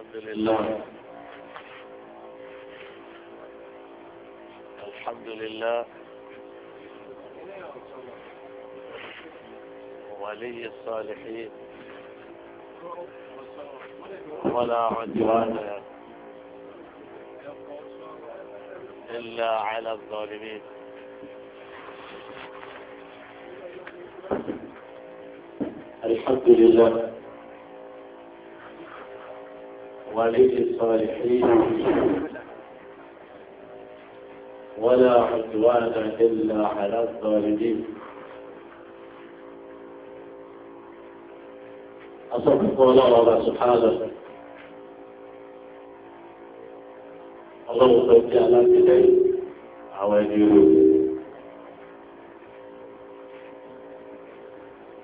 الحمد لله الحمد لله ولي الصالحين ولا عدوان إلا على الظالمين الحمد لله ولي الصالحين ولا عدوان إلا على الظالمين أصدق الله سبحانه الله قد جعل بداية عواجيه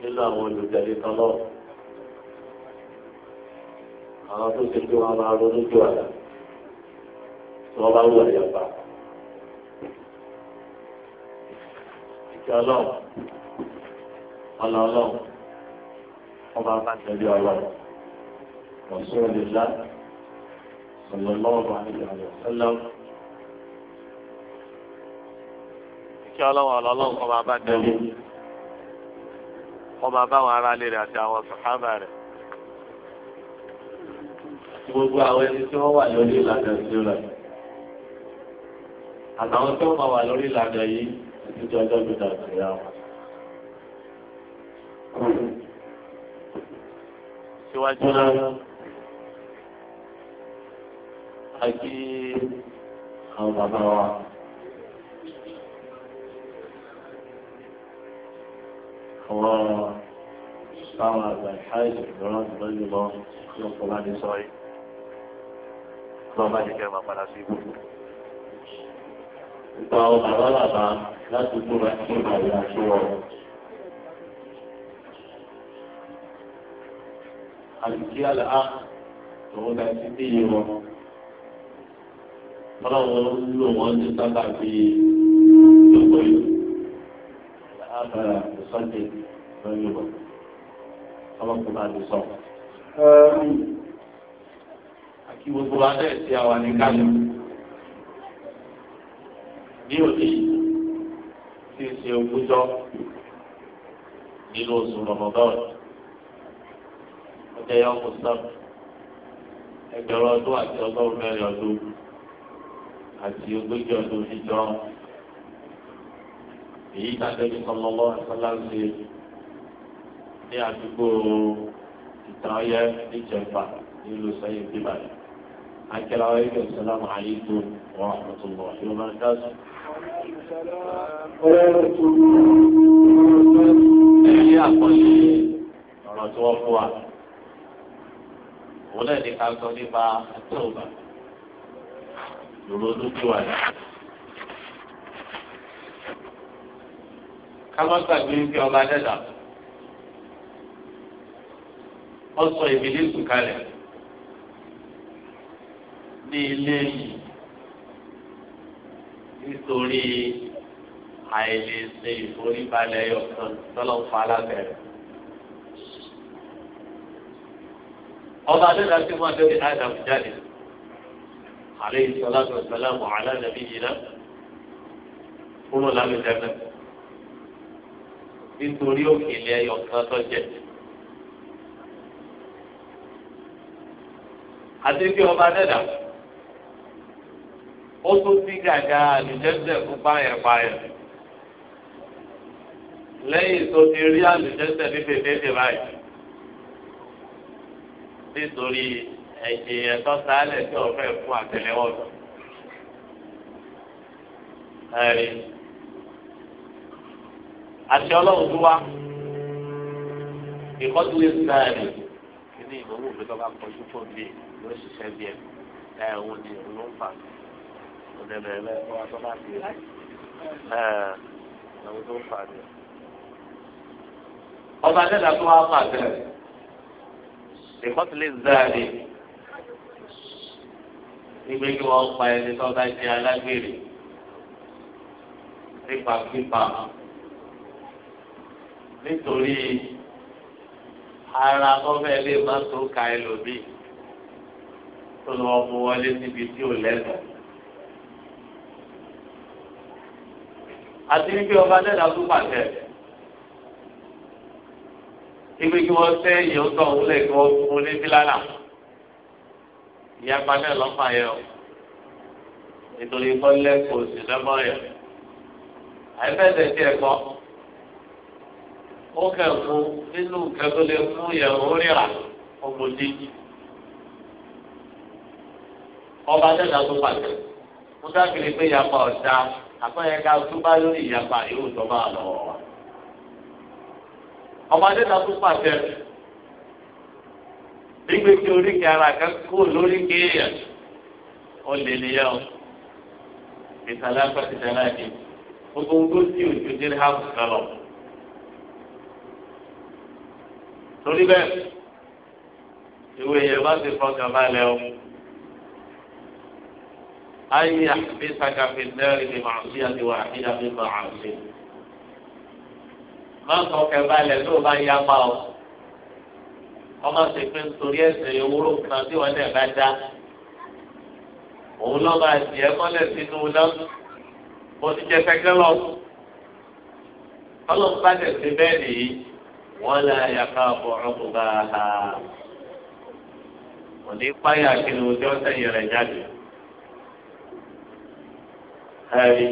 إلا هو الذي الله tó ṣe pé wọ́n máa ronú jù àlà tí wọ́n bá wù àyàpá. ìṣe ọlọ́run ọlọ́ ọlọ́run wọ́n máa bá tẹ̀lé ọlọ́run ọ̀ṣun ìlà ọ̀lọ́lọ́run àyàwó ọlọ́run. kí ọlọ́run ọlọ́run kọ́ máa bá tẹ̀lé kọ́ máa bá àwọn aráalé rẹ̀ àti àwọn sàhábà rẹ̀ gbogbo àwọn ẹni tí wọ́n wà lórí ìlànà ìṣúra àtàwọn tí wọ́n máa wà lórí ìlànà yìí títí ọjọ́ gbígbà ìṣúra wọn. síwájú náà a kí àwọn bàbá wa. àwọn táwọn àgbà ìṣáìsì lọ́rọ̀ lọ́jọ́ lọ́wọ́ lọ́pọ̀ láti sọ yìí lọ́wọ́ bá jẹ́ kẹ́ máa padà sí ibùdó. Ìpa ọ bàbá bàbá láti múra sí ìbàdí àti wọn. Àlùkí àlàá lòun ga sí bí iye wọn. Ọlọ́run lò wọ́n ní sábà bí gbogbo ìlú. Àlàá bàrà ìsọ́jẹ́ lọ́yọ̀ wọn. Ọlọ́run kò kí gbogbo wa bẹ́ẹ̀ ti àwa ní káyọ̀ ní òní tí ń ṣe ogúnjọ́ nínú oṣù rọmọdọ́ọ̀nù ọjọ́ yọ ọkọ̀ sọ́ọ̀tù ẹgbẹ̀rún ọdún àti ọgọ́rùn mẹ́rin ọdún àti ogójì ọdún níjọ́ èyí tàbí sọlọ́lọ́ àtàláńsì ní àdúgbò ìtàn ọyẹ níjẹ̀fà nílùú sẹ́yìn bíbáyìí akẹ́lá wa ibi ìsàlámù àlékún wa àtúntò ìlú mọ́tàṣù. ẹ̀yẹ àkọlé ọ̀rọ̀ tí wọ́n fún wa òun náà ní ká sọ nípa àtọ́ọ̀bà lòlò dúkìá rẹ̀. ká má gbàgbé wípé ọba dẹ́dà ó sọ ìbílẹ̀ sùn kalẹ̀ ní ilé yìí nítorí àìlè ṣe ìforíbalẹ̀ ọ̀kan tọ́lọ̀ ń fa alábẹ̀rẹ̀. ọba adéla tí wọn lórí adam jáde àlẹ́ ìsọlá tó sọlá mọ̀ àlá nàbí yìí náà kúrò lábẹ́ jẹ́fẹ́ nítorí òkèlè ẹyọ̀kan tó jẹ́. àti bí ọba adéla ó tún sí gàgà àlùjẹ́sẹ̀ fún báyẹ̀báyẹ̀ lẹ́yìn tó ti rí àlùjẹ́sẹ̀ ní fèfèèfè báyìí nítorí ẹ̀jẹ̀ ẹ̀tọ́ sálẹ̀ tí ọ̀fẹ́ fún àtẹlẹwọ́ lọ. ẹ̀rí àti ọlọ́run tó wá ìkọ́jú ìsirayẹ̀lì kí ni ìnáwó òfin tó bá kọjú fún mi ló ṣiṣẹ́ ẹ̀ ẹ̀ òun ni òun ló fà ọ̀dẹ̀lẹ̀ ẹlẹ́kọ́ atọ́láṣí ẹ̀ ẹ̀wọ́n tó fà ní. ọba dẹ́dà tó wá pàṣẹ ìkọ́sílẹ̀ záàlì nígbè kí wọ́n pa ẹni tó bá jẹ́ alágbèrè nípa pípa nítorí ara ọbẹ̀ lè má tó ka ẹlòmíì tó lọ́ọ́ mú wọlé síbi tí ò lẹ́nu. àti wípé ọba dẹ́dà tó pàṣẹ. Ibi kí wọ́n tẹ́ ìyẹn tó ọ̀hún lẹ̀ kí wọ́n fún ní bílánà. Ìyapa náà lọ́fà yẹ o. Nítorí kọ́lẹ́ kò sí lọ́mọ́ yẹ. Àìbẹ̀dẹ̀ tí ẹ kọ́. Ó kẹ̀ fún nínú nǹkan tó lè fún ìyẹ̀wò ríra ọmọdé. Ọba dẹ́dà tó pàṣẹ. Mo dábìrì pé ìyapa ọ̀dà àpẹẹrẹ ká tó bá lórí ìyapa yóò tọ́ bá lọ́wọ́ wa. ọmọdé náà tún pàṣẹ nígbè tí oríkèé ara kan kó lórí kéèyàn ó lè níyàn o ìsàlẹ̀ apẹ̀tẹ̀tẹ̀ náà ni gbogbo ohun tó ti òjò délé hàn kan lọ. torí bẹ́ẹ̀ ìwé yẹn bá ti fọkàn balẹ̀ o. أن يحبسك في النار بمعصية واحدة من معاصيه má sọ kẹfà lẹ tó o bá ya pa ọ ọmọ sì pé nítorí ẹsẹ ewúro kan tí wọn lè bá dá òun lọ máa dì ẹ mọ́lẹ̀ sínú náà mo ti jẹ fẹkẹ lọ Ọlọ́run bá dẹ sí bẹ́ẹ̀ nìyí wọn lè yàtọ̀ àbọ ọkùnrin bá a kò ní páyà kí ni ojú ọ̀sẹ̀ yẹrẹ jáde ẹ̀rí.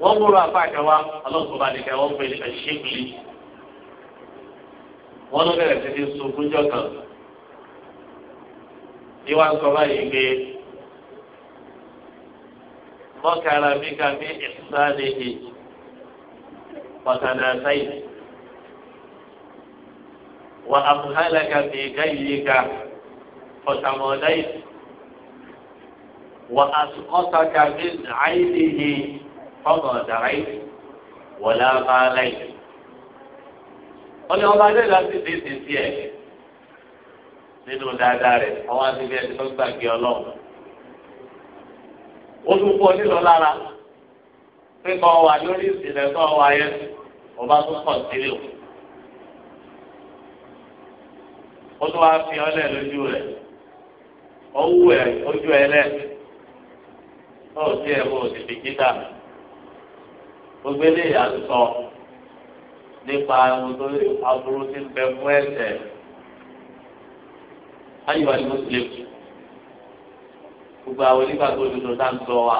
wọ́n múra àpáàkẹ́ wa ọlọ́sọ̀bá nìkan wọ́n pè é ṣégbìlì. wọ́n ló bẹ̀rẹ̀ sí ní sunkúnjọ́ kan. ìwà ń sọ báyìí pé mọ́kàrà mi kà mí ìsáré yìí pàtàkì àtàyè. وأمهلك في كيدك فتموليت وأسقطك من عينه فما دعيت ولا ماليت wọ́n ní ọba adé láti dé ti sí ẹ̀ nínú dáadáa rẹ̀ ọwọ́ àti bí ẹni tó gbàgbé ọlọ́run ó tún kọ́ nílò lára pé kọ́ wà lórí ìsìnlẹ̀ tó wà yẹn ọba tó kọ̀ sílẹ̀ o ó tún wá fi ọlẹ́ lójú rẹ̀ ó wù ẹ́ ojú ẹ lẹ́ẹ̀ ọ sí ẹ wọ òsì bìkítà gbogbo eléyìí à ń sọ nípa ohun tó aburú ti ń bẹ fún ẹsẹ̀ ayọ̀ ni mùsùlùmí gbogbo àwọn onígbàgbọ́ òdodo tá ń sọ wa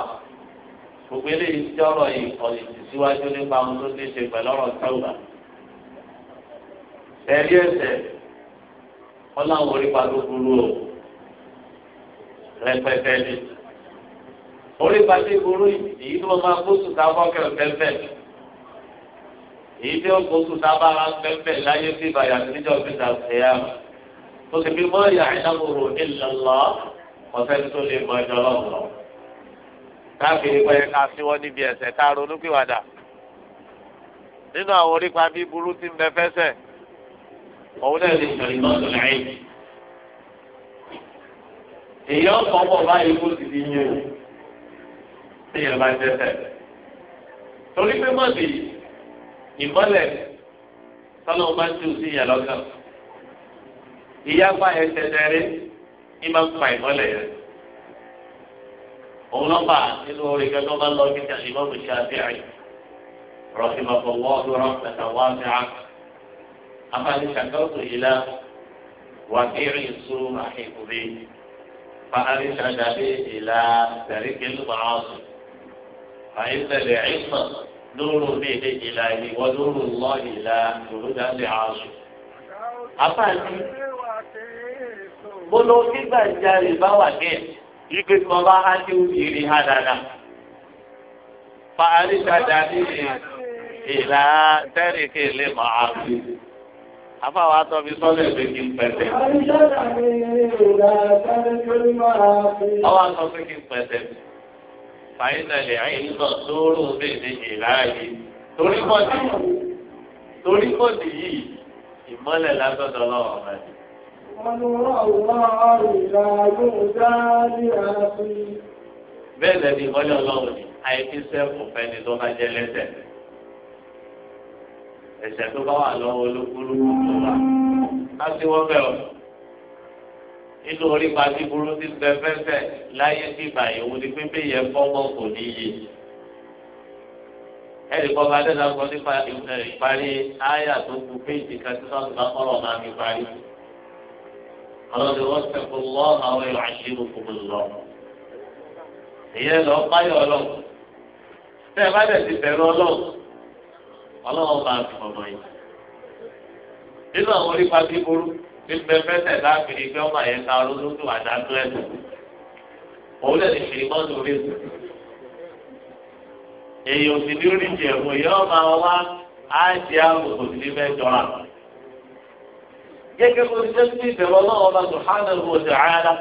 gbogbo eléyìí tí ọ̀rọ̀ yìí ọ̀lẹ̀ tì nípa ohun tó ti ṣe pẹ̀lú ọ̀rọ̀ tẹ́wà ẹ̀rí ẹsẹ̀ ọláwọn onígbàgbọ́ burú o rẹpẹtẹ ni orí balẹ̀ ìgboro èyí tó máa gbósù sábà kẹ̀kẹ́ bẹ́ẹ̀ èyí tó gbósù sábà kẹ̀kẹ́ láyé sí ìbàyà níjọ́ fìdá ṣẹ̀yà tó ti fi mọ́ ìyá ìdámòrò ìlọ́lọ́ ọ̀sẹ̀ tó lè mọ ẹjọ́ lọ́wọ́. káàkiri pé ká sí wọn níbi ẹ̀ṣẹ̀ ká ronú pìwàdà nínú àwọn orípa bíi burú ti ń bẹ fẹsẹ̀ òun náà lè sọ ìmọ̀tò láyé. èyí ọ̀pọ̀ téèyàn bá dẹ́ṣẹ̀ torí pé mọ́tì ìmọ́lẹ̀ tọ́lọ́ bá tú sí ìyà lọ́kàn ìyáfa ẹsẹ̀ dẹ́rẹ́ ní máa ń pa ìmọ́lẹ̀ yẹn òun lọ́ba nínú orin gẹ́gẹ́ bá lọ kí kàlí mọ́mù ṣáfíì rọ̀ṣìmọ̀fọ̀ wọ́ọ̀dù rọ̀ṣẹ̀tà wáṣẹ̀ á afáàní ṣàkóso ìlà wàkírí sùn àhìkùbí fàárí ṣàdàbí ìlà tẹ̀ríkì lùmọ̀ ọ̀sùn. فإن العلم نور به إلهي ونور الله لا يرد لعاصي àfààní mo lọ nígbà jáde bá wà ní ẹ ibi tí wọn bá há ní ìrì ha dáadáa fàárí dáadáa ní ìlà tẹríkì lè mọ àbí àfàwọn atọ mi sọlẹ ìwé kí n pẹtẹ. ọwọ́ atọ mi kí n pẹtẹ fàyínàlẹ̀ àyìnbọn tóóró bèbè ìlàyé torípọ̀dì torípọ̀dì yìí ìmọ́lẹ̀ lágbọ́dọ̀ lọ́wọ́ rẹ̀. bẹ́ẹ̀ lẹ́ni ìmọ́lẹ̀ ọlọ́run ni àìsí sẹ́fù fẹ́ni tó bá jẹ́ lẹ́sẹ̀. ẹ̀sẹ̀ tó bá wà lọ́wọ́ olókùnrin tó wà. ká sí wọ́n bẹ́ẹ̀ o nínú orípa tí burú ti bẹ fẹ́fẹ́ láyé tí báyìí òun ni pépé yẹn fọ́mọ́ kò ní yé ẹ̀rí kọ́ bá dẹ́nà kọ́ nípa ìparí áyà tó kù péjì kan tí wọ́n bá kọ́ lọ́ọ́ máa fi parí. ọlọ́dún wọn sẹ́kù lọ́ àwọn èèyàn àṣírí òkú lọ. ìyẹn lọ báyọ̀ ọlọ́run tẹ́ ẹ bá dẹ̀ ti bẹ̀rù ọlọ́run bá fi mọ̀mọ́ yìí. nínú àwọn orípa tí burú. gbígbẹ fẹsẹ̀ láàbìrì ọmọ yẹn ká olódódó àdánù ẹ̀sùn òun lè ní ṣèlú mọ́tò rí sùn. èèyàn sì ní oríṣi ẹ̀fọ́ yẹ ọmọ àwọn wá á ṣe àbùkù fẹ́ jọra. gẹ́gẹ́ bó ti tẹ́sí ìbẹ̀rù ọlọ́run ọba sùhánà ló ti àyàdá.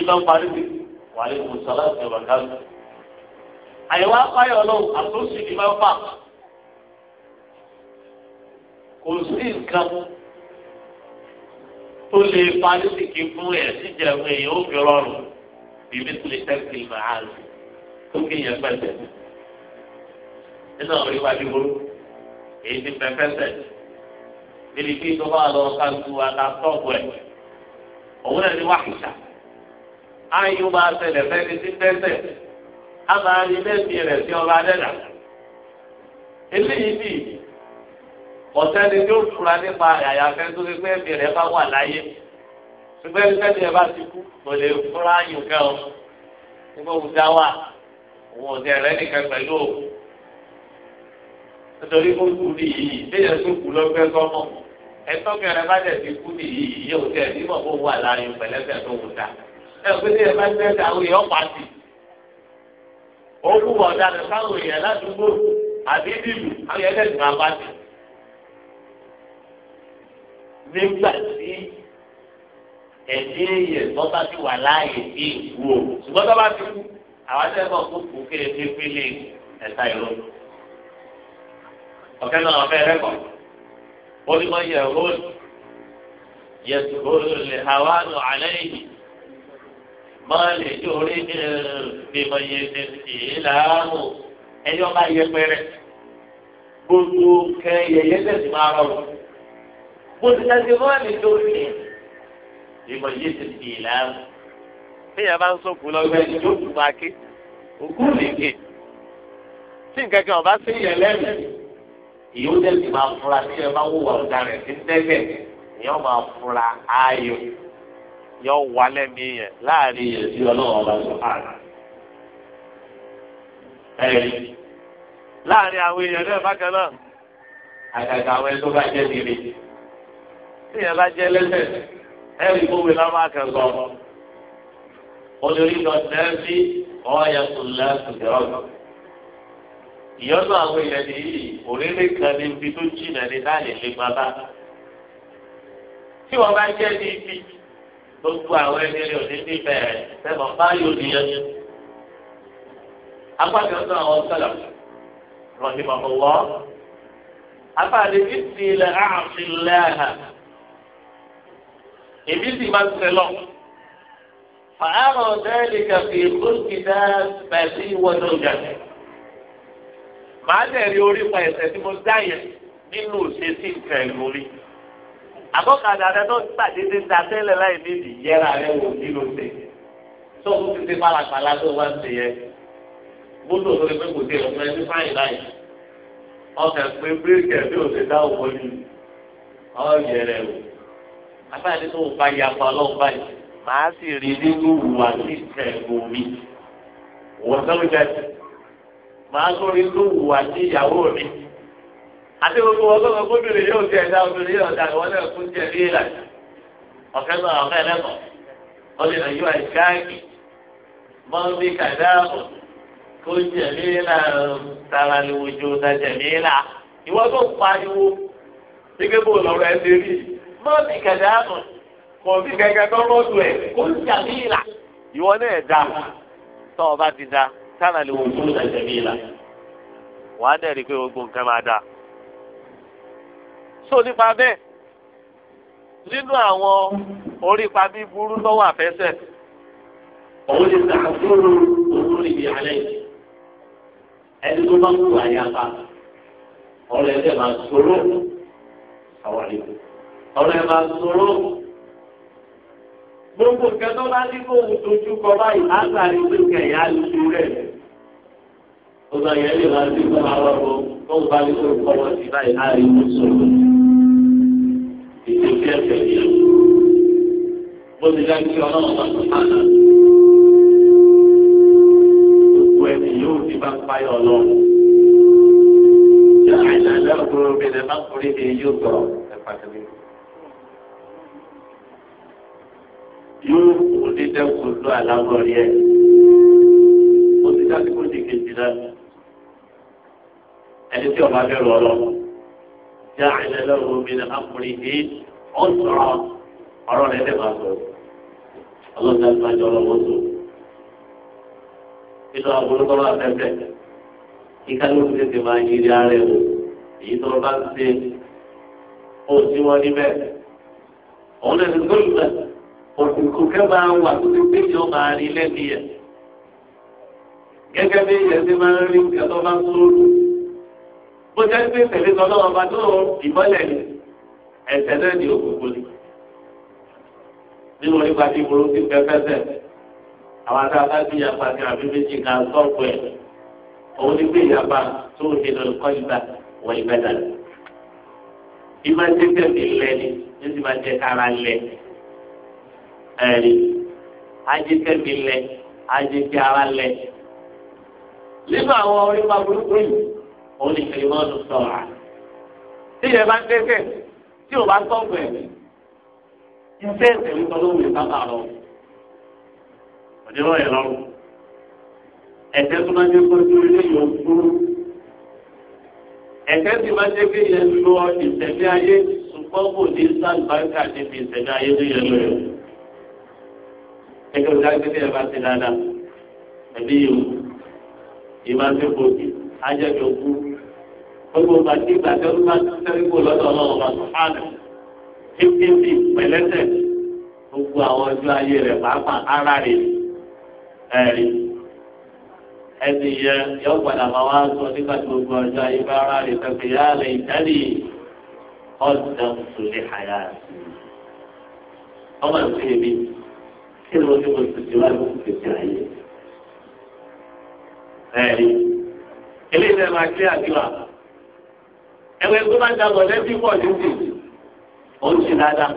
ìgbà parí bi wà ní mùsàlá ti wà ká àyẹ̀wò apáyọ̀ àtúnṣe fà kò sí nǹkan tó lè fa lóṣìkì fún ẹ̀ síjà fún èèyàn ó fi rọrùn bíbí tó lè tẹ́kì màá lò tó kéèyàn pẹ̀sẹ̀. nínú àwọn ìwà bíburú èyí ti pẹ́ pẹ́sẹ̀ níbi tí tó bá lọ ká lu ata tọ́ọ̀bù ẹ̀ òun náà ní wàhíṣà áyù máa ṣẹlẹ̀ fẹ́ni sí pẹ́sẹ̀ á máa rí lẹ́sìn rẹ̀ sí ọba adẹ́dà eléyìí bíi ọ̀sẹ́ni tí fura nípa àyàfẹ́ tó fi pé ẹ̀mí rẹ̀ bá wà láyé ṣùgbọ́n ẹni tẹ́lẹ̀ ẹ bá ti kú kò lè fura yùn kẹ́ o nígbà òun dá wà òun ọ̀dẹ rẹ̀ nìkan pẹ̀lú o nítorí kó kú ní yìí léyìn tó kú lọ́gbẹ́ sọ́mọ̀ ẹ̀tọ́ kẹrẹ bá dẹ̀ ti kú ní yìí yóò tẹ̀ nímọ̀ kó wà láyé pẹ̀lẹ́fẹ̀ tó wù dá ẹ bá tẹ́lẹ̀ ọ̀dà rẹ̀ sáwọn èèyàn ládùúgbò àbí bíbù àwọn èèyàn tẹ̀sán nígbà tí ẹ̀dí èèyàn tó bá ti wà láàyè sí ìkú o ṣùgbọ́n tó bá ti kú àwọn akẹ́kọ̀ọ́ tó kù kéde tó pélé ẹ̀ta ìró. ọ̀kẹ́ náà ọ̀fẹ́ rẹ́kọ̀ ó ní wọ́n yẹ hóòlù yẹ hóòlù lè hàwá nù alẹ́ yìí máa lè jó orí ìgbìmọ̀ yẹn ní ìlànà ẹ̀yọ́ bá yẹ pẹ́rẹ́ gbogbo kẹ́ yẹyẹ tẹ̀sí máa rọrùn bùsùlùmí tó lè ìmọ̀ yìí ti di ìlànà. téèyàn bá ń sọ̀kù lọ́gbẹ́ yóò tún máa ké òkú lèkè tí nǹkan kan ọba sí yẹn lẹ́nu ìyóò dẹ́sì máa fura tí ẹ bá wò wà ọ̀daràn tí ń tẹ́gbẹ̀ ìyẹn máa fura ayò yọ wà lẹ́mí yẹn láàrin yẹn sí ọlọ́run ọba sọ àná. láàrin àwọn èèyàn náà bákan náà àgàgà àwọn ẹni tó bá jẹ́ nílé tí yẹn bá jẹ́ lẹ́sẹ̀ ẹ̀rí gbogbo ìlànà máa kàn lọ. olórí dọ̀tẹ́ sí ọ̀ọ́yà sùnlẹ̀ sùgbẹ́rọ̀. ìyọ́nú àwọn èèyàn nìyí òrèlè kan ní ibi tó jìnà ní láàyè lè máa bá. tí wọ́n bá jẹ́ ní ibi gbogbo àwọn ẹni rẹ̀ òní ní bẹ̀rẹ̀ sẹ́wọ̀n bá yóò nìyẹn. apákan náà àwọn sọ̀rọ̀ rọ̀hìmọ̀ ọ̀wọ́. apá àdébí ti ilẹ̀ ààfin lẹ́hà èmi sì máa ń sẹ lọ. fàárọ̀ dẹ́ẹ̀lì kàfé kókìdá pẹ̀lú ìwọ́dọ̀ gàdé. màá dẹ̀ rí orí pa ẹ̀sẹ̀ tí mo dá yẹn nínú òṣèṣì nǹkan ẹ̀rù orí. àbọ̀kadà rẹ náà gbàdédé ta tẹ́lẹ̀ láì nídìí yẹra rẹ wò nílò ṣe. tó o ti ti pàlàpàlà tó wá ń ṣe yẹn. gbọ́dọ̀ lórí pé kò sí ọ̀pọ̀ ẹni fáyìn láyìí ọkàn pé bíríkì ẹ̀ bí òṣèlú àwọn ọmọ abáyé tó ń bá yà pa ọlọ́run báyìí màá sì rí nínú ìwà sí ìtẹ̀gùn mi wọ́n sọ́wọ́ jáde màá tó rí nínú ìwà sí ìyàwó mi àti gbogbo ọgọ́gọ́ gómìnà yóò tẹ̀ ẹ̀dá obìnrin yóò dà wọ́n náà kún jẹ́ bí ìlà ọ̀fẹ́ náà ọ̀fẹ́ lẹ́kọ̀ọ́ wọ́n lè nà yíwá ìkáàkì mọ́bí kàdáàbò kún jẹ́ bí ìlà tara ni wojú ọ̀dà jẹ́ bí ìlà ìwọ́n tó pariwo gbígbé bò lọ́rọ̀ ẹ mọ́ọ̀tì kẹ̀dẹ́ àmọ̀ kò sí kẹ̀kẹ́ tó rọ́ọ̀dù ẹ̀ kò sí àbí ìlà. ìwọ náà da tọ́ ọ bá ti da sára lè wo fún ìdàjẹ́bí ìlà wàá dẹ̀ rí i pé gbogbo nǹkan máa da. sọ nípa bẹ́ẹ̀ nínú àwọn orípa bíburú lọ́wọ́ àfẹ́sẹ̀ òun ni sàkóso òun níbi alẹ́ yìí ẹni tó bá ń wà yá pa ọ̀rẹ́ tẹ̀ máa sọ̀rọ̀ àwọn àlejò ọ̀rọ̀ ẹ̀ máa sọ̀rọ̀ gbogbo kẹtọ́ bá ní kó o dojú kọ báyìí látàrí pé kẹ̀yà lu rẹ̀ ọ̀sán yẹn lè máa ti fún àwọn ọ̀rọ̀ tó ń bá ní kó o kọ́ wọn sí báyìí láàrin ìlú sọ̀rọ̀ ìdíje ẹ̀fẹ̀ yẹn bó ti dá kí ọlọ́run bá tó bá náà. bá ń payọ̀ lọ. Ṣé àìsàn lẹ́kọ̀ọ́ mi lè má kórè ní yóò gbọ́ ẹ̀fà tẹ̀lé? yóò kó dídẹ́ kó lọ àlágọ́rí ẹ̀ ó ti dá sí kó di kejì náà ẹni tí ọba bẹ̀rù ọlọ já ilẹ̀ lọ́wọ́ mi ní amúrí ní ọ̀sọ̀rọ̀ ọ̀rọ̀ rẹ̀ lè máa sọ̀rọ̀ ọlọ́dún àti máa jọ ọlọ́wọ́ sọ nínú àbúrò tó máa fẹ́fẹ́ ìkálùkù tètè máa yí ilé ara ẹ̀ èyí tó bá ń ṣe ó sí wọn níbẹ̀ òun lè ní gbólùmẹ̀ òkùnkùn kẹ́ máa ń wà tó ti gbé yọ máa rí lẹ́bi yẹn. gẹ́gẹ́ bí ìyẹn ti máa ń rí nǹkan tó máa ń sóòrù. bó jẹ́ pé tẹ̀lé tọ́lá ọba tó ìmọ́lẹ̀ ni ẹ̀sẹ̀ náà ni òkùnkùn ni. nínú nípa tí burú ti fẹ́ fẹ́sẹ̀ àwọn atáfá bí ìyapa ti àbí méjì ká sọ́ọ̀kù ẹ̀ òun ni pé ìyapa tó ti lọ kọ́ ìgbà wọ ìgbà dà. ìmọ̀ máa jẹ ẹ̀rí ajẹ́kẹ́mi lẹ ajẹ́kẹ́ ara lẹ. nínú àwọn orípa burúkú yìí òun ni kìlìmọ́ọ̀nù sọ̀rọ̀ à. tí ìyẹn bá ń dẹ́kẹ̀ tí ò bá tọ́jú ẹ̀ iṣẹ́ ìtẹ̀wé kan ló wù ẹ̀ sábà lọ. òdìrọ̀ ẹ̀ lọ́rùn. ẹ̀sẹ̀ tó máa ń dé kójú ilé yóò dúró. ẹ̀sẹ̀ tí máa ń dé kí ìyẹn lọ ìtẹ̀lé ayé ṣùgbọ́n kò ní sáà ẹgbẹ́ òdájú ní ẹ̀bá ti dáadáa ẹ̀bí yòó ìbá ti bòjì ajẹ́bí òkú gbogbo bàtí gbàtẹ́ ló bá sẹ́rí kó lọ́dọ̀ ọlọ́run bá tó hánà fífífì pẹ̀lẹ́tẹ̀ gbogbo àwọn ọjọ́ ayé rẹ̀ pàápàá ara rẹ̀ ẹ̀rí ẹni yẹ yọ padà máa wá sọ nígbà tí gbogbo ọjọ́ ayé bá ara rẹ̀ tẹ̀sí yá lè dẹ́rì ọ̀dọ́ sùn àyà ọmọ ìfẹ́ mi ṣé mo ní mo ti wá lókùn tètè ayé. ẹ̀rí eléyìí náà máa gbé àdúrà ẹgbẹ́ tó bá dàgbọ̀ lẹ́bí pọ̀ nídìí ó ń ṣe dáadáa.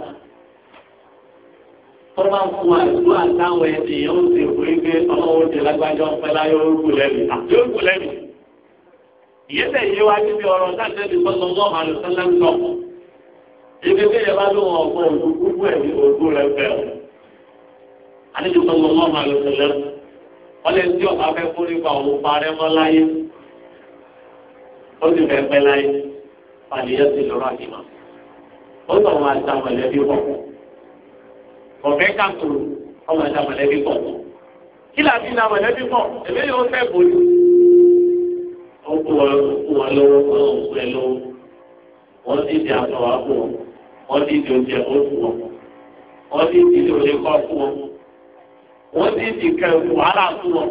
tó bá ń fún wa ìlú àtàwọn ènìyàn ń ṣe fún ike ọlọ́wọ́ ti lágbájọ́ ń pẹ́ láyé orúkú lẹ́bi àti orúkú ìyẹ́sẹ̀ yìí wá níbi ọ̀rọ̀ sáńtẹ́ẹ̀dì sọ́sọ́ ọ̀hún àlùsọ́lá ń sọ. ibi tí bá lóun ọ̀gbọ́n òdúgbò ẹ̀mí òdúgbò rẹ̀ fẹ́ àlejò tó ń lọ́wọ́ máa lọ sílẹ̀ wọ́n lè tí ọ̀gá fẹ́ fún nípa òun parẹ́ mọ́ láyé ó sì fẹ́ pẹ́ láyé pàdéyẹ sí lọ́rọ̀ àdìmọ́ ó sọ wọn àti àmọ̀lẹ́bí pọ̀ ọ̀fẹ́ kàkùrù ọmọ àti àmọ̀lẹ́bí pọ̀ kí làbí ní àmọ̀lẹ́bí pọ̀ èmi yóò fẹ́ bòlù ó kú wọn lọ́wọ́ ọ̀hún kú ẹ lọ́wọ́ wọ́n ti di àtọ̀wá fún wọn wọ́n ti di oúnjẹ ó fún wọn wọ́n ti di oúnjẹ kọ́ fún wọn wọ́n ti fi kẹ wàhálà tó wọn.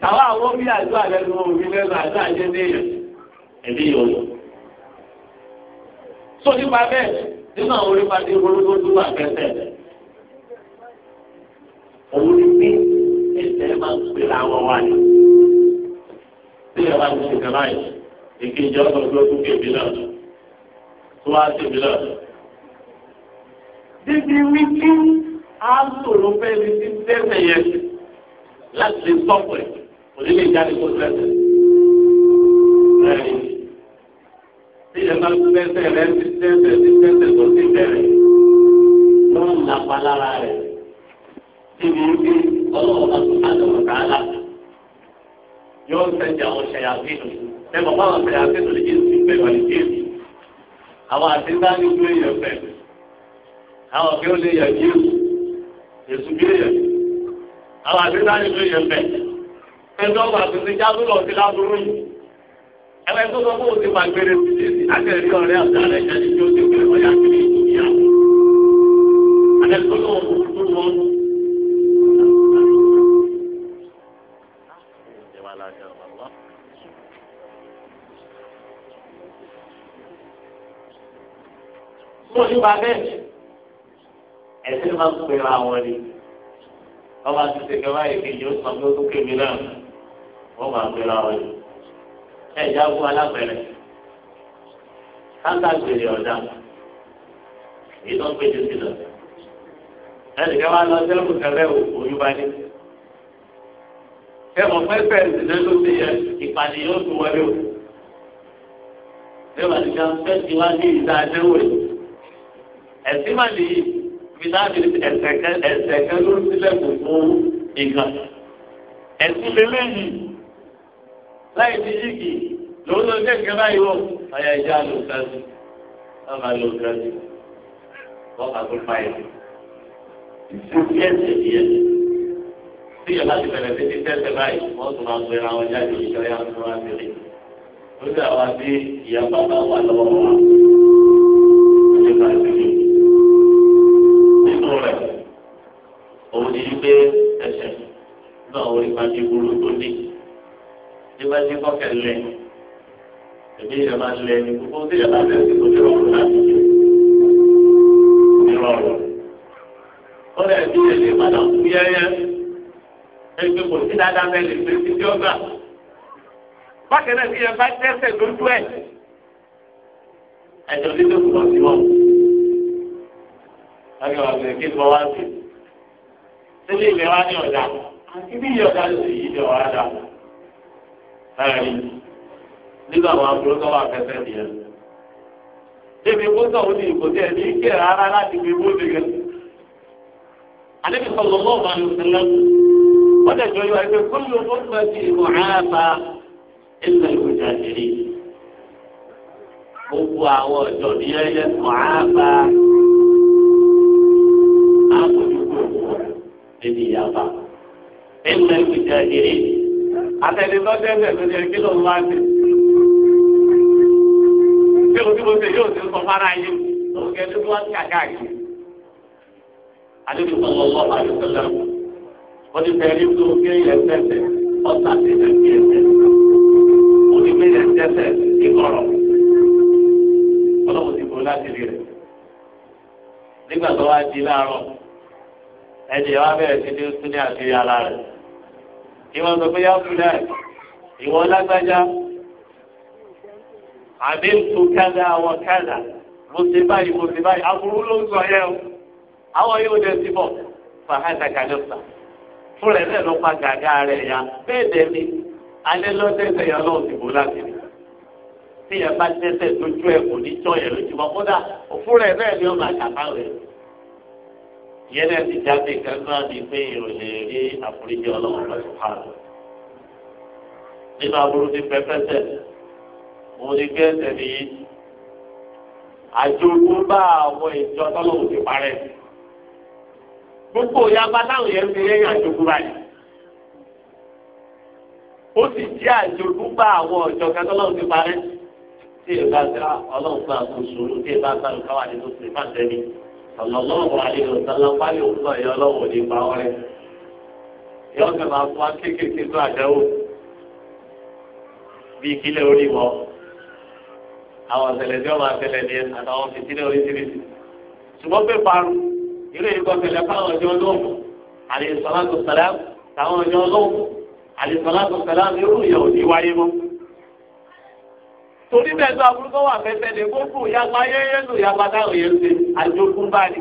Tàwa àwọn bí àjọ àlẹ́nu omi lẹ́nu àjọ àjẹ déyàn ẹ̀mí yóò lọ. Sọ nípa bẹ́ẹ̀ nínú àwọn orí pàdé olóko tó wà kẹsẹ̀. Òun ni pé ẹsẹ̀ máa ń pèrè àwọn wa ni. Bí ẹ bá ti ṣe kàmáyé, èkejì ọ̀sán tó tún kébìlà tó wá sí ìbílẹ̀. Dídí wíkí á sòrò fẹ́ni tí tẹ́sẹ̀ yẹn láti lè sọ́pọ̀ ẹ̀ kò ní lè jáde kó tẹ́sẹ̀. Bẹ́ẹ̀ni, bí ẹ bá tẹ́sẹ̀ rẹ ti tẹ́sẹ̀ ti tẹ́sẹ̀ tó ti bẹ̀rẹ̀, lọ́n lápá lára rẹ̀. Dídí wíkí ọlọ́wọ́ bá tó ká lọ́wọ́ ká lá. Yóò sẹ̀jà ọ̀ṣẹ̀ àbínú. Ẹ bàbá àwọn ọ̀ṣẹ̀ àbínú lè jẹ́ ìsìn pẹ̀lú àìjẹ́ àwọn àti sáà ní ìlú èèyàn pẹ̀lú àwọn kí ó lè yẹ kí èsù bí èyẹ àwọn àti sáyé ló yẹ bẹ ẹgbẹ́ ọgbà tó ti jábọ̀ lọ sí lábúrú yìí ẹgbẹ́ tó sọ fún òsì máa gbére sí èsì àtẹ̀rí ọ̀rẹ́ àtàrẹ ìjáde tí ó ti gbé ọ̀yà kiri ìyàwó àtẹ̀tọ́ ló ń kú wọn. Mo ní ba bẹ́ẹ̀ ẹ̀sìn máa ń pera wọn ni wọ́n máa ti ṣèké wáyé kejì ó sọ pé ó kókè mí náà wọ́n máa pera wọn ni. ẹ̀já fún alápẹ̀rẹ̀ káńtà gbèrè ọ̀dà èyí tó ń pè jù sí lọ. ẹnìkan wá lọ sẹ́lẹ̀kù kẹlẹ́ òyìn bá dé. ẹ mọ̀ pé fẹ́ẹ̀sì náà ló ti yẹ ìpàdé yóò tún wọlé o. bí wàá ti ká fẹ́ẹ̀sì wá ní ìdá ẹ̀sìn máa nìyí fìdáàbì ẹsẹ̀ kan ló sílẹ̀ kò fún ìgbà ẹ̀sìn lélẹ́yìn láì ti yígi lòun ló dé nǹkan báyìí wọ̀ ọ̀yà ìjà ló kẹ́sì ọ̀gá ló kẹ́sì ọ̀gá tó fà yẹn ìfúnfí ẹsẹ̀ ní ẹsẹ̀ tí yàrá ti bẹ̀rẹ̀ sí ti tẹ́sẹ̀ báyìí wọ́n tún máa ń gbéra wọn jáde ìṣọ́yà tó wá sílẹ̀ ó dà wá sí ìyá bàbá wa lọ́wọ́ wa. ní wípé ẹsẹ̀ náà orí pàṣẹ burú tó ní ní bá ti kọ́kẹ́ lẹ̀ ẹ̀mí ìyá máa lẹ̀ ní gbogbo tí ìyá máa lẹ̀ sí kò ní rọrùn láti jẹ ní rọrùn. ó lẹ̀ bí èlé padà kú yẹ́yẹ́ ẹgbẹ́ kò sí dáadáa mẹ́lẹ̀ pé títí ọgbà. bákan náà bí ẹ bá tẹ́sẹ̀ lójú ẹ̀ ẹ̀jọ̀ nílé kùnà sí wọn. lágbàá wà kí n bọ́ wá sí i sílé ìwé wa ní ọ̀dà àti bí ìyọ̀dà ló sì yí ìjọ wa dà. ẹ̀rí nígbà àwọn àbúrò tó wà fẹsẹ̀ nìyẹn. débi wọ́tọ̀ ó ní ìbò tí ẹ̀ ní ike rárá láti fi wó mi gẹ̀. àlébi sọ̀rọ̀ mọ́ ọ̀gá ló ti wọ́n dẹ̀ jọ yọ ẹgbẹ́ kúlù ó fẹ́ ìmọ̀ ààbà ilẹ̀ ìwòjà ìrì. gbogbo àwọn ọ̀dọ́ níbi ìyàpá. ẹnlẹ ìjà ìrè àtẹnudọ́ tẹ́lẹ̀ tó yẹ kí ló ń wá sí. ṣé o tí mo ṣe yóò ti sọ fara yín tó kẹ́ tó wá sí àkáàkiri. àdébí sọ̀rọ̀ lọ́wọ́ àdébísọ̀lá wọ́n ti bẹ̀rẹ̀ tó kí ẹ̀ tẹ̀sẹ̀ ọ̀sà ti tẹ̀ kí ẹ̀ tẹ̀sẹ̀ wọ́n ti bẹ̀rẹ̀ tẹ̀sẹ̀ ìkọ̀rọ̀ ọlọ́wọ́ ti bọ̀ láti rí rẹ̀ nígbà tó wá di láàárọ̀ ẹni wa bẹ̀rẹ̀ sí ní sún ní àṣírí ara rẹ̀ ìwọ sọ pé yá fúlẹ̀ ìwọ lágbájá àbí ntú kẹ́dà àwọn kẹ́dà mo ti báyìí mo ti báyìí aburú ló ń sọ yẹ o àwọn yóò dé síbọ̀ fàhátà kàdọ́sà fúnra ẹ̀ náà ló pa gàgà rẹ̀ yá bẹ́ẹ̀ dẹ́ni alẹ́ lọ́tẹ̀ẹ̀tẹ̀ yẹn lọ́wọ́ ti bò láti rí tí yẹn bá tẹ́tẹ̀ lójú ẹ̀ kò ní jọ ìyẹn náà ti jáde kankan ní pé ìròyìn rí àforíjì ọlọ́run lọ́sùn kan. nínú aburú ti pẹ́pẹ́sẹ̀ mo ní pé ẹsẹ̀ nìyí àjogún bá àwọn ìjọ tọ́lọ́wọ́ ti parẹ́. gbogbo yaba táwọn yẹn ń fi lẹ́yìn àjogún báyìí. ó sì jẹ́ àjogún bá àwọn ìjọ tọ́lọ́wọ́ ti parẹ́. tí ìbá ta ọlọ́run bá kó tí ìbá ta lùkáwá ni tó ti bá tẹ́lẹ̀ ọ̀lọ́lọ́wọ́ àdéhùnsálá pálí òǹtọ̀ yọ lọ́wọ́ nípa ọ̀rẹ́ yọ fẹ́ máa fún wa kéékèèké tó àdéhùn bíi ìpínlẹ̀ orí wọ àwọn ọ̀sẹ̀lẹ̀ tí wọ́n máa tẹ̀lẹ̀ ní àtàwọn fìtílẹ̀ oríṣiríṣi ṣùgbọ́n pé parun irú ìkọ́ tẹ̀lẹ̀ fáwọn ọjọ́ lóhùn àdéhùnsálá tó sàlám táwọn ọjọ́ lóhùn àdéhùnsálá tó sàlám irú ìyàwó ní wáyé mọ́ torí bẹ́ẹ̀ tó aburú kọ́ wà fẹ́fẹ́ lè gbogbo ìyapa yẹ́yẹ́ lò ìyapa táwọn yẹn ṣe àjogún báyìí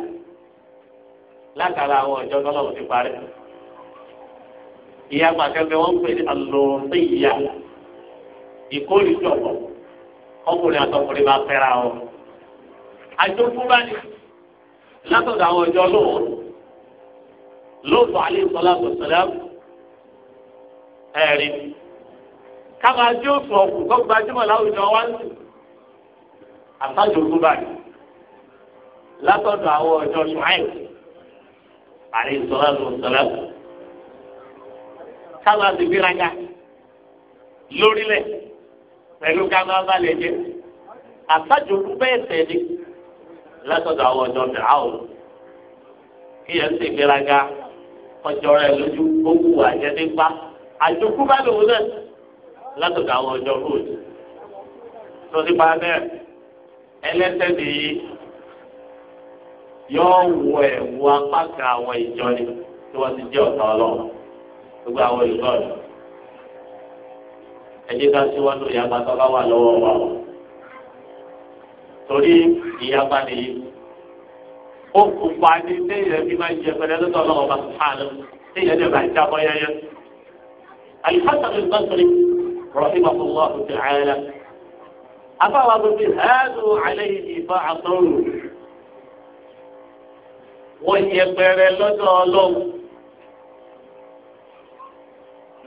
látara àwọn ọjọ́ tọ́lọ́wọ́ ti parí. ìyapa kẹfẹ́ wọ́n pè ní alòrìyà ìkórìjọpọ̀ ọkùnrin àtọkùnrin bá fẹ́ra wọn. àjogún báyìí látọ̀dọ̀ àwọn ọjọ́ lòun lóòótọ́ alẹ́ sọlá tó ṣẹlẹ̀ ẹ̀rí káma jó fún ọkùn tó gbajúmọ̀ láwùjọ wá ń sùn àtàjò tó báyìí látọ̀dọ̀ àwọn ọjọ́ ṣùháì àrí ìsọ̀rọ̀ ìsọ̀rọ̀ káma ti gbéraga lórílẹ̀ pẹ̀lú káma balẹ̀ jẹ́ àtàjò tó bẹ́ẹ̀ tẹ̀lé látọ̀dọ̀ àwọn ọjọ́ fìràwọ̀ kí ẹ̀ ń ti gbéraga ọjọ́ rẹ̀ lójú gbogbo àjẹdẹ́gbá àjòkú bá lòun náà látọ̀dọ̀ àwọn ọjọ́ hood tó ti pa bẹ́ẹ̀ ẹlẹ́sẹ̀ nìyí yóò wọ ẹ̀wù apá kan àwọn ìjọ ni tí wọ́n ti jẹ́ ọ̀tá ọlọ́run gbogbo àwọn olùkọ́ni ẹ̀jẹ̀ ká síwájú ìyàgbá tó bá wà lọ́wọ́ wa o torí ìyàgbá nìyí ó kú pa ní téèyàn bí máa ń jẹ pẹ̀lẹ́ lọ́dọ̀ ọlọ́run bá sùn hàn téèyàn dẹ̀ bá jábọ́ yẹyẹ. àlùfáà sàbẹ̀ ń bá sọ̀rọ̀ رحمه الله تعالى أفرض بهذا عليه بعض ويبر لدولهم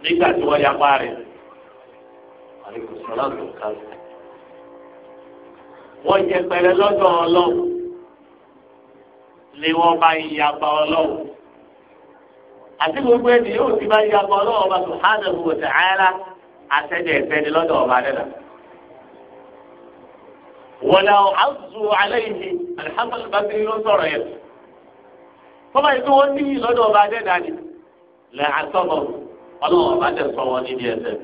nígbà tí wọ́n yapa rẹ̀ àlejò sọlá tó ká lọ. wọ́n jẹ pẹ̀lẹ́ lọ́dọ̀ ọlọ́run ni wọ́n bá yapa ọlọ́run. àti gbogbo ẹni yóò ti bá yapa ọlọ́run ọba subhanahu wa ta'ala asẹ́jẹ̀ ìfẹ́ni lọ́dọ̀ ọba dẹ́dà. wọlé àzù aláìní alihamdulilayi basiri ló sọ̀rọ̀ yẹn. kọ́má yìí tó wọ́n ní yìí lọ́dọ̀ ọba dẹ́dà ni lẹ́ àtọ́bọ̀ ọlọ́wọ́ ọba dẹ̀ sọ wọn nídìí ẹsẹ̀.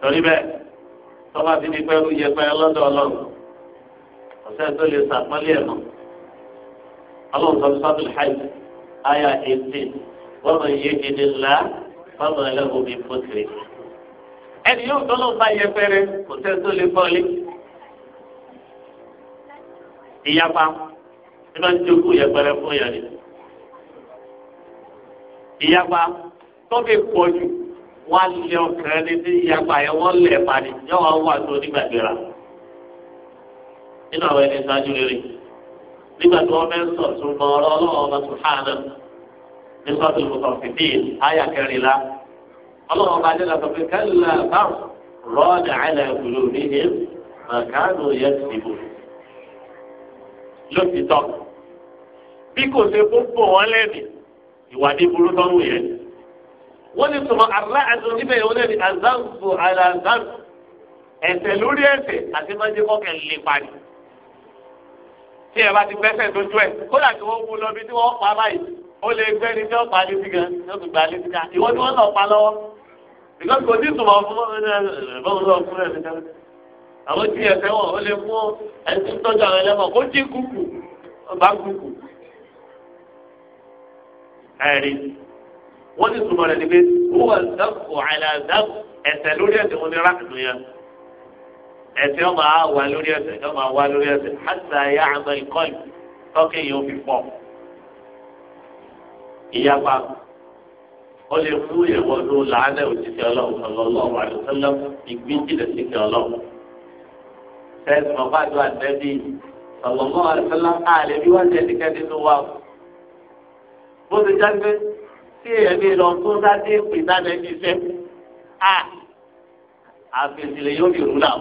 torí bẹ́ẹ̀ tọ́ba ti di pẹ́rú yẹpẹrẹ lọ́dọ̀ ọlọ́run ọ̀sẹ̀ tó lè sàpọ́nlé ẹ̀ mọ́. ọlọ́run sọ fún sábìlì hajj ayah eighteen wọ́n mọ̀ iye fáwọn ẹlẹ́gùn bíi fótìrì. ẹni yóò tọ́lọ́ bá yẹpẹrẹ kò tẹ́ tó lè bọ́lé. ìyapa ẹ máa ń jogún yẹpẹrẹ fún yàrá. ìyapa tọ́kì pọ̀ jù wọ́n á lé ọkàn ní sí ìyapa yẹn wọ́n lẹ̀ padì yọ̀wọ́ wà tó nígbàgbéra. nínú àwọn ẹni sáájú rere nígbà tí wọ́n fẹ́ sọ̀ tún mọ ọlọ́wọ́ ọmọ tó hàn náà ní sọ́ọ̀tù mùsọ̀fìfì àyà kẹrìnlá ọlọ́run ọba adé lọ́sọ̀ pé kẹ́lá báwọn rọ́ọ̀dà àlẹ́ ìlú níhìn màkánù yẹn ti bò lótìtọ́ bí kò ṣe gbogbo wọn lẹ́nu ìwádìí burú tọ́rù yẹn wọ́n ní sọ̀rọ̀ àrà àti oníbẹ̀ yẹn wọ́n lẹ́nu àzáǹfò àlàzáǹfò ẹ̀ṣẹ̀ lórí ẹ̀ṣẹ̀ àti májẹ́ kọ́kẹ́ lè parí tí ẹ bá ti gbẹ́sẹ̀ lójú ẹ̀ kódà tí wọ́n mú lọ bí tí wọ́n pa báyìí ó lè gbé ní tí wọ́n pa létí gan yóò tún gba létí gan ìwọ ni wọ́n lọ pa lọ́wọ́ because kò ní ìtumọ̀ fún bọ́ọ̀lù lọ fún ẹ̀mí tẹ́lẹ̀ àwọn tí ẹ̀fẹ́ wọn ó lè mú ẹtí tọ́jú àwọn ẹlẹ́mọ̀ kó jí kúkú ọba kúkú ẹ̀rí wọ́n ti túmọ̀ rẹ̀ níbi wúwo dákò àìláàdáàbò ẹ̀sẹ̀ lórí ẹ̀sẹ̀ wọn ni rákìtù yẹn ẹ̀sẹ̀ wọn máa wà lórí ẹ̀sẹ̀ wọn máa wà lórí ẹ̀sẹ̀ hàtà yà àmọ́ ìkọ́lù tọ́kì yìí ó fi pọ̀ ìyapa ó lè mú ìwọ ló làálẹ̀ òjijì ọlọ́run ọlọ́run àdùsọ́lọ́ ìgbìjìlẹ̀ síkẹ̀ ọlọ́run. sẹ́ẹ̀sì mọ̀ bá àdúrà nẹ́bí ọlọ́run àdùsọ́lọ́ àlè bí wọ́n ti ẹnikẹ́ni ló wà. bó ti já pé tí ẹ̀mí lọ tó sáté pè sáté ní iṣẹ́ a àfẹsílẹ̀ yóò fi rú náà.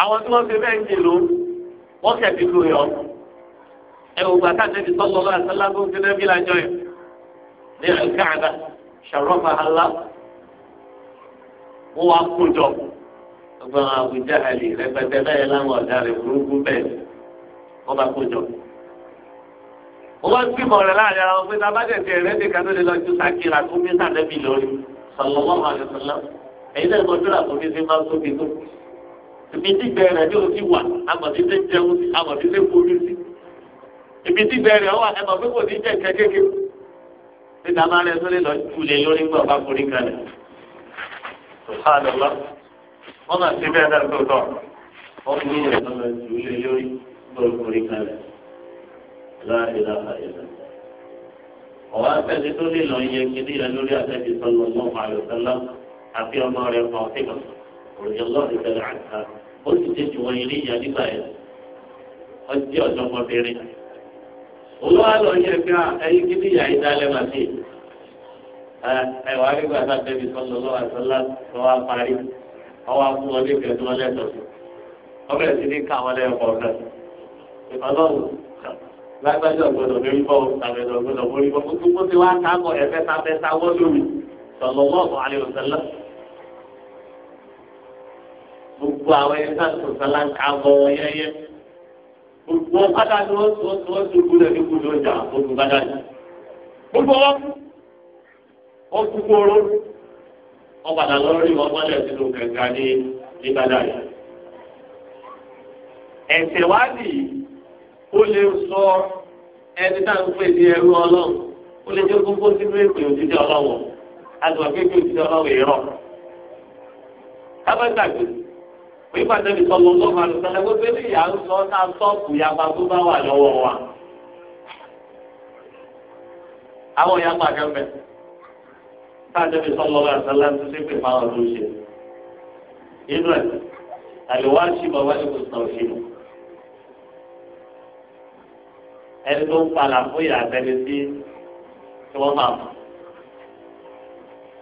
àwọn tí wọ́n fi bẹ́ẹ̀ ń jìnnú wọ́n kẹ̀ ẹ̀wù bàtà nẹ́bí sọ́lọ́ bá sọ́lá tó ń fi nẹ́bí lájọ yẹn ní àlùkáàdà ṣàròfà àlá wọ́n wá kú jọ ọgbọ́n àwùjá àlè rẹpẹtẹ bẹ́ẹ̀ láwọn ọ̀dà rẹ̀ burúkú bẹ́ẹ̀ wọ́n bá kú jọ. wọ́n wá gbìmọ̀ rẹ̀ láàrin àwọn pé tábàtẹ̀tẹ̀ rẹ̀ ti kàdó lè lọ ju sákìlà tó bí sàdẹ́bì lórí sọlọ́wọ́ àlùsọ́lá ẹ̀yin náà gbọ́dọ̀ àkókò ṣe máa ibi tí bẹ̀rẹ̀ ọwọ́ ẹ mọ̀ pé kò ní jẹ́ kékeré níta máa rẹ sórí lọ jùlẹ̀ lórí gbọ́ bá forí kalẹ̀ sùhánàlá wọn máa ṣe bẹ́ẹ̀ náà tòótọ́ wọn ní ìyẹn lọ jùlẹ̀ lórí gbọ́ forí kalẹ̀ láàrin láàrin ọwọ́ afẹ́ni tó lè lọ yẹ kíní rẹ lórí afẹ́ni sọlọ mọ́ àlùsálà àti ọmọ rẹ kan síkà òrìṣà lọ́ọ̀dì tẹ̀lé àtà ó sì ṣe jù wọ́n yìí níyà nígbà yẹn ọjọ́ ọ̀dọ́mọbìnrin olúwa lọ yẹ kí ah, ẹyin kí níyà yìí dálẹ wá sí ẹ wàá rí gbàgbà bẹbí sọlọ lọ àtọlá tó wá parí ọwọ́ akú wọlé kẹtù wọlé tọsí ọbẹ sí ní ká wọlé ẹkọ ọkẹ Ọlọ́run lágbájọ gbọ́dọ̀ lórí bọ tàbẹdọ gbọ́dọ̀ lórí bọ kó tó ti wá sábọ ẹfẹ sábẹ sáwọ lórí sọlọ lọọbù àlèwòsàlá gbogbo àwọn ẹni sáà tó sọlá ń ká bọ wọn yẹyẹ gbogbo kátà ni wọ́n tó tó tó gbúdọ̀ ní gbúdọ̀ ọjà gbogbo kátà ni. gbogbo wọn ó kú kóró wọn padà lọ rí wọn gbọ́dọ̀ sínú kẹ̀kẹ́ ní ní kátà yìí. ẹ̀sẹ̀ wá nìyí ó lè sọ ẹni tá à ń pè ní ẹrú ọlọ́run ó lè jẹ́ gbogbo sínú èpè òjijì ọlọ́wọ̀ àti wàá kékeré òjijì ọlọ́wọ̀ ìrọ̀ wípé àtẹ́bí sọ́lọ́ ló máa lò sọ́lọ́ gbogbo eléyà ń sọ náà sọ́ọ̀kù yapa tó bá wà lọ́wọ́ wa. àwọn yapa kẹfẹ́ sáàtẹ́bí sọ́lọ́ lọ́wọ́ àtàlà ń tún pé máa ló ṣe. inú ẹ̀ àlùwá ṣì bọ̀ wáyé kò sàn òṣì nù. ẹni tó ń palà fún ìyá àtẹ́bí tí wọ́n máa fún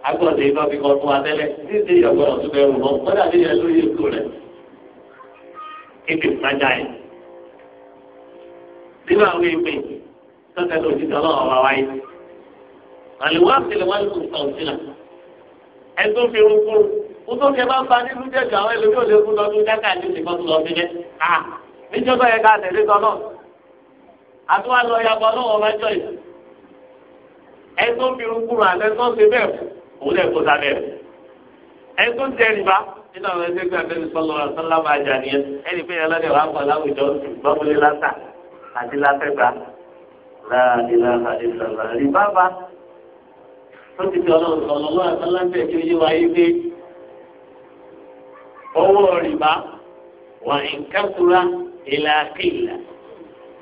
agbọ̀dọ̀ yìí lọ́bi kan fún wa tẹ́lẹ̀ títí ìyàgbọ́dọ̀ tó bẹ̀rù lọ kọ́dà bí yẹn lóye ikú rẹ̀ kéde ìtajà yìí. nínú àwọn ìpè tọ́tẹ́ tó ti tọ́lọ́ ọ̀rọ̀ wa yìí. àlùwá sílẹ̀ wá lùkù sọ̀tìlà. ẹ tó fi rúkú kó tó kẹ bá ń ba nínú jẹjọ àwọn ẹlòmí ò lè kú lọ ní jákà ní ìsìnkú tó lọ sí jẹ. níjọba yẹn ká tẹ̀lé tọ́ àtúwà lọ yàgbọ́ náà wọ́n òun lè kó sábẹ́ rẹ̀. ẹni tó ń tẹ ẹni bá nínú àwọn ẹgbẹ́ gbà bẹ́ẹ̀ sọ́lọ́ ọ̀sánlá máa jà nìyẹn ẹni pé ẹlọ́dẹ̀ wà pọ̀ láwùjọ gbọ́mọlé lásà àti lásẹ̀gbà láàdínláàdínláà rí bábá tó ti fi ọlọ́run sọ̀rọ̀ lọ́wọ́ àtàlá bẹ̀ kí ó yé wáyé pé owó rìbá wà nkẹ́kura ìlà kéèlà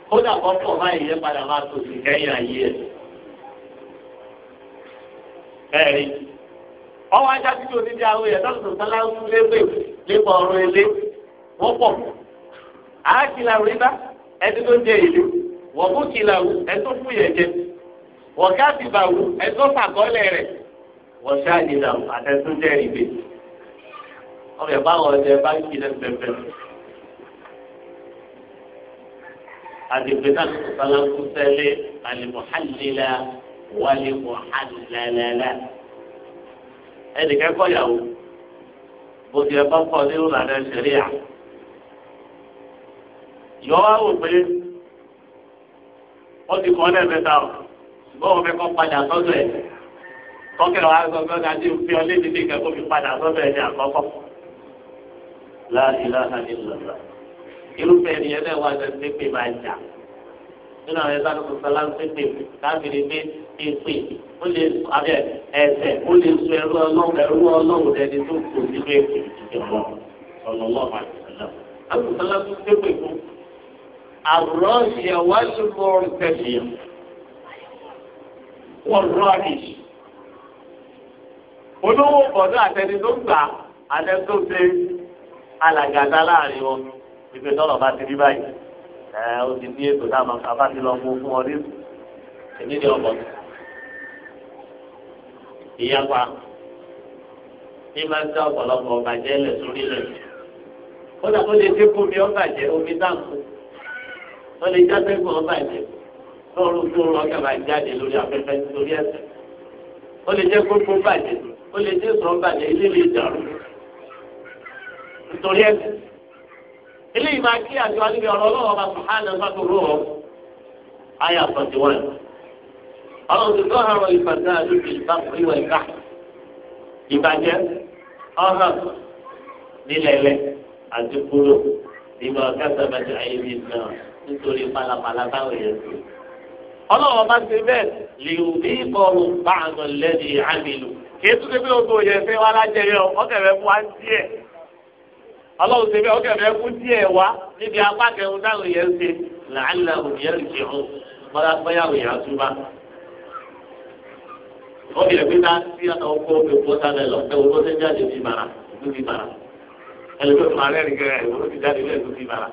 kódà kọ́kọ́ báyìí yẹ padà máa tó sì kẹ́yìn ayé ẹ̀ ẹ̀rí ọwọ́ ajá títí onídìí àwọn èèyàn tó tó sálá ń lébè lébè ọ̀rọ̀ ilé wọ́n pọ̀ àákìlà rírà ẹni tó jẹ ìlú wọ́n mú kìlà wù ẹni tó fún yẹn jẹ wọ́n káàtìbà wù ẹni tó fàkọ́lẹ̀ rẹ̀ wọ́n ṣáàjìlà wù àtẹ̀tún jẹ́ ìgbé ọmọ ẹ̀ báwọn ọ̀dẹ bá ń kílẹ̀ pẹ̀pẹ̀. àdìgbẹ́ náà sọ̀tàlá kú wọlé mọ àdìlẹ́lẹ́lẹ́ ẹnìkan kọ́ yàwó bó ti ẹ̀kọ́ kọ́ ní ìlànà ìṣẹ̀lẹ̀ à yọ wá wò pé ó ti kọ́ lẹ́ẹ̀mẹ́ta o ṣùgbọ́n òun fẹ́ kọ́ padà sọ́dọ̀ ẹ̀ kọ́kẹ́rọ̀ wa sọ fún ọ̀gájú fi ọ léde ní ìkẹ́kọ̀ọ́ fi padà sọ́dọ̀ ẹ̀ ní àkọ́kọ́ láàrin láàrin lọ́la irúfẹ́ ẹni ẹ̀ nínú àwọn ẹgbẹ́ àdókò sọlá ń pépè káàkiri pé pépè ó lè abẹ ẹsẹ̀ ó lè sọ ẹrú ọlọ́run ẹrú ọlọ́run ẹni tó kù sí pé ìjọba ọlọ́lọ́run àti sọlá. àdókò sọlá ń pépè fún àwòrán ìyẹ̀wò ìmọ̀ràn tẹ̀sí wọ́n rọ́ọ̀nì. olówó bọ̀dọ̀ àtẹni tó gbà àtẹni tó ṣe alàgàdá láàrin wọn ìgbésọ̀rọ̀ bá ti rí báyìí ẹ ó ti ní ètò náà máa kábà ti lọ mú fún ọ nínú èmi ni ọmọ ìyapa ní máa ń dá ọ̀pọ̀lọpọ̀ ọ̀bàjẹ́ lẹ̀ sórí lẹ̀ ó dà ó lè dínkù mi ọ̀bàjẹ́ omi dáǹkù ó lè jásẹ́gun ọ̀bàjẹ́ lọ́rùn tó rọ kẹfà jáde lórí afẹ́fẹ́ lórí ẹsẹ̀ ó lè jẹ́ gbogbo bàjẹ́ ó lè jẹ́ sọ̀rọ̀ bàjẹ́ ilé lè dàrú nítorí ẹsẹ̀ eléyìí máa kí àti wá níbi ọ̀rọ̀ ọlọ́wọ́ bá sùhánà sọ́tò rò ó àyà tọ̀tí wọn. ọlọ́run ti tọ́ àrùn ìfàsẹ́ àdúgbò ìbáfúrí wọ̀ ìka ìbàjẹ́ ọ̀hán nílẹ̀lẹ̀ àti kúrò nígbà kẹsàn-án bàtí ayébi náà nítorí pálapàla táwọn èèyàn ti. ọlọ́wọ́ bá ti bẹ́ẹ̀ lè bí bọ́ọ̀lù bá àgbọ̀n lẹ́ni àmì lù kí ètùtù ọlọ́run ṣe bí ọkẹ́ fẹ́ kú díẹ̀ wá níbi apá kẹrin táwọn yẹn ń ṣe làálà òmìnira ìṣe hàn mọ́lá gbọ́yàwó yẹn àtúbà. ó bìrẹ̀ pé ká sí ọkọ̀ òkè lọ ṣe jáde bí mara ìlú bí mara ti jáde bí bí mara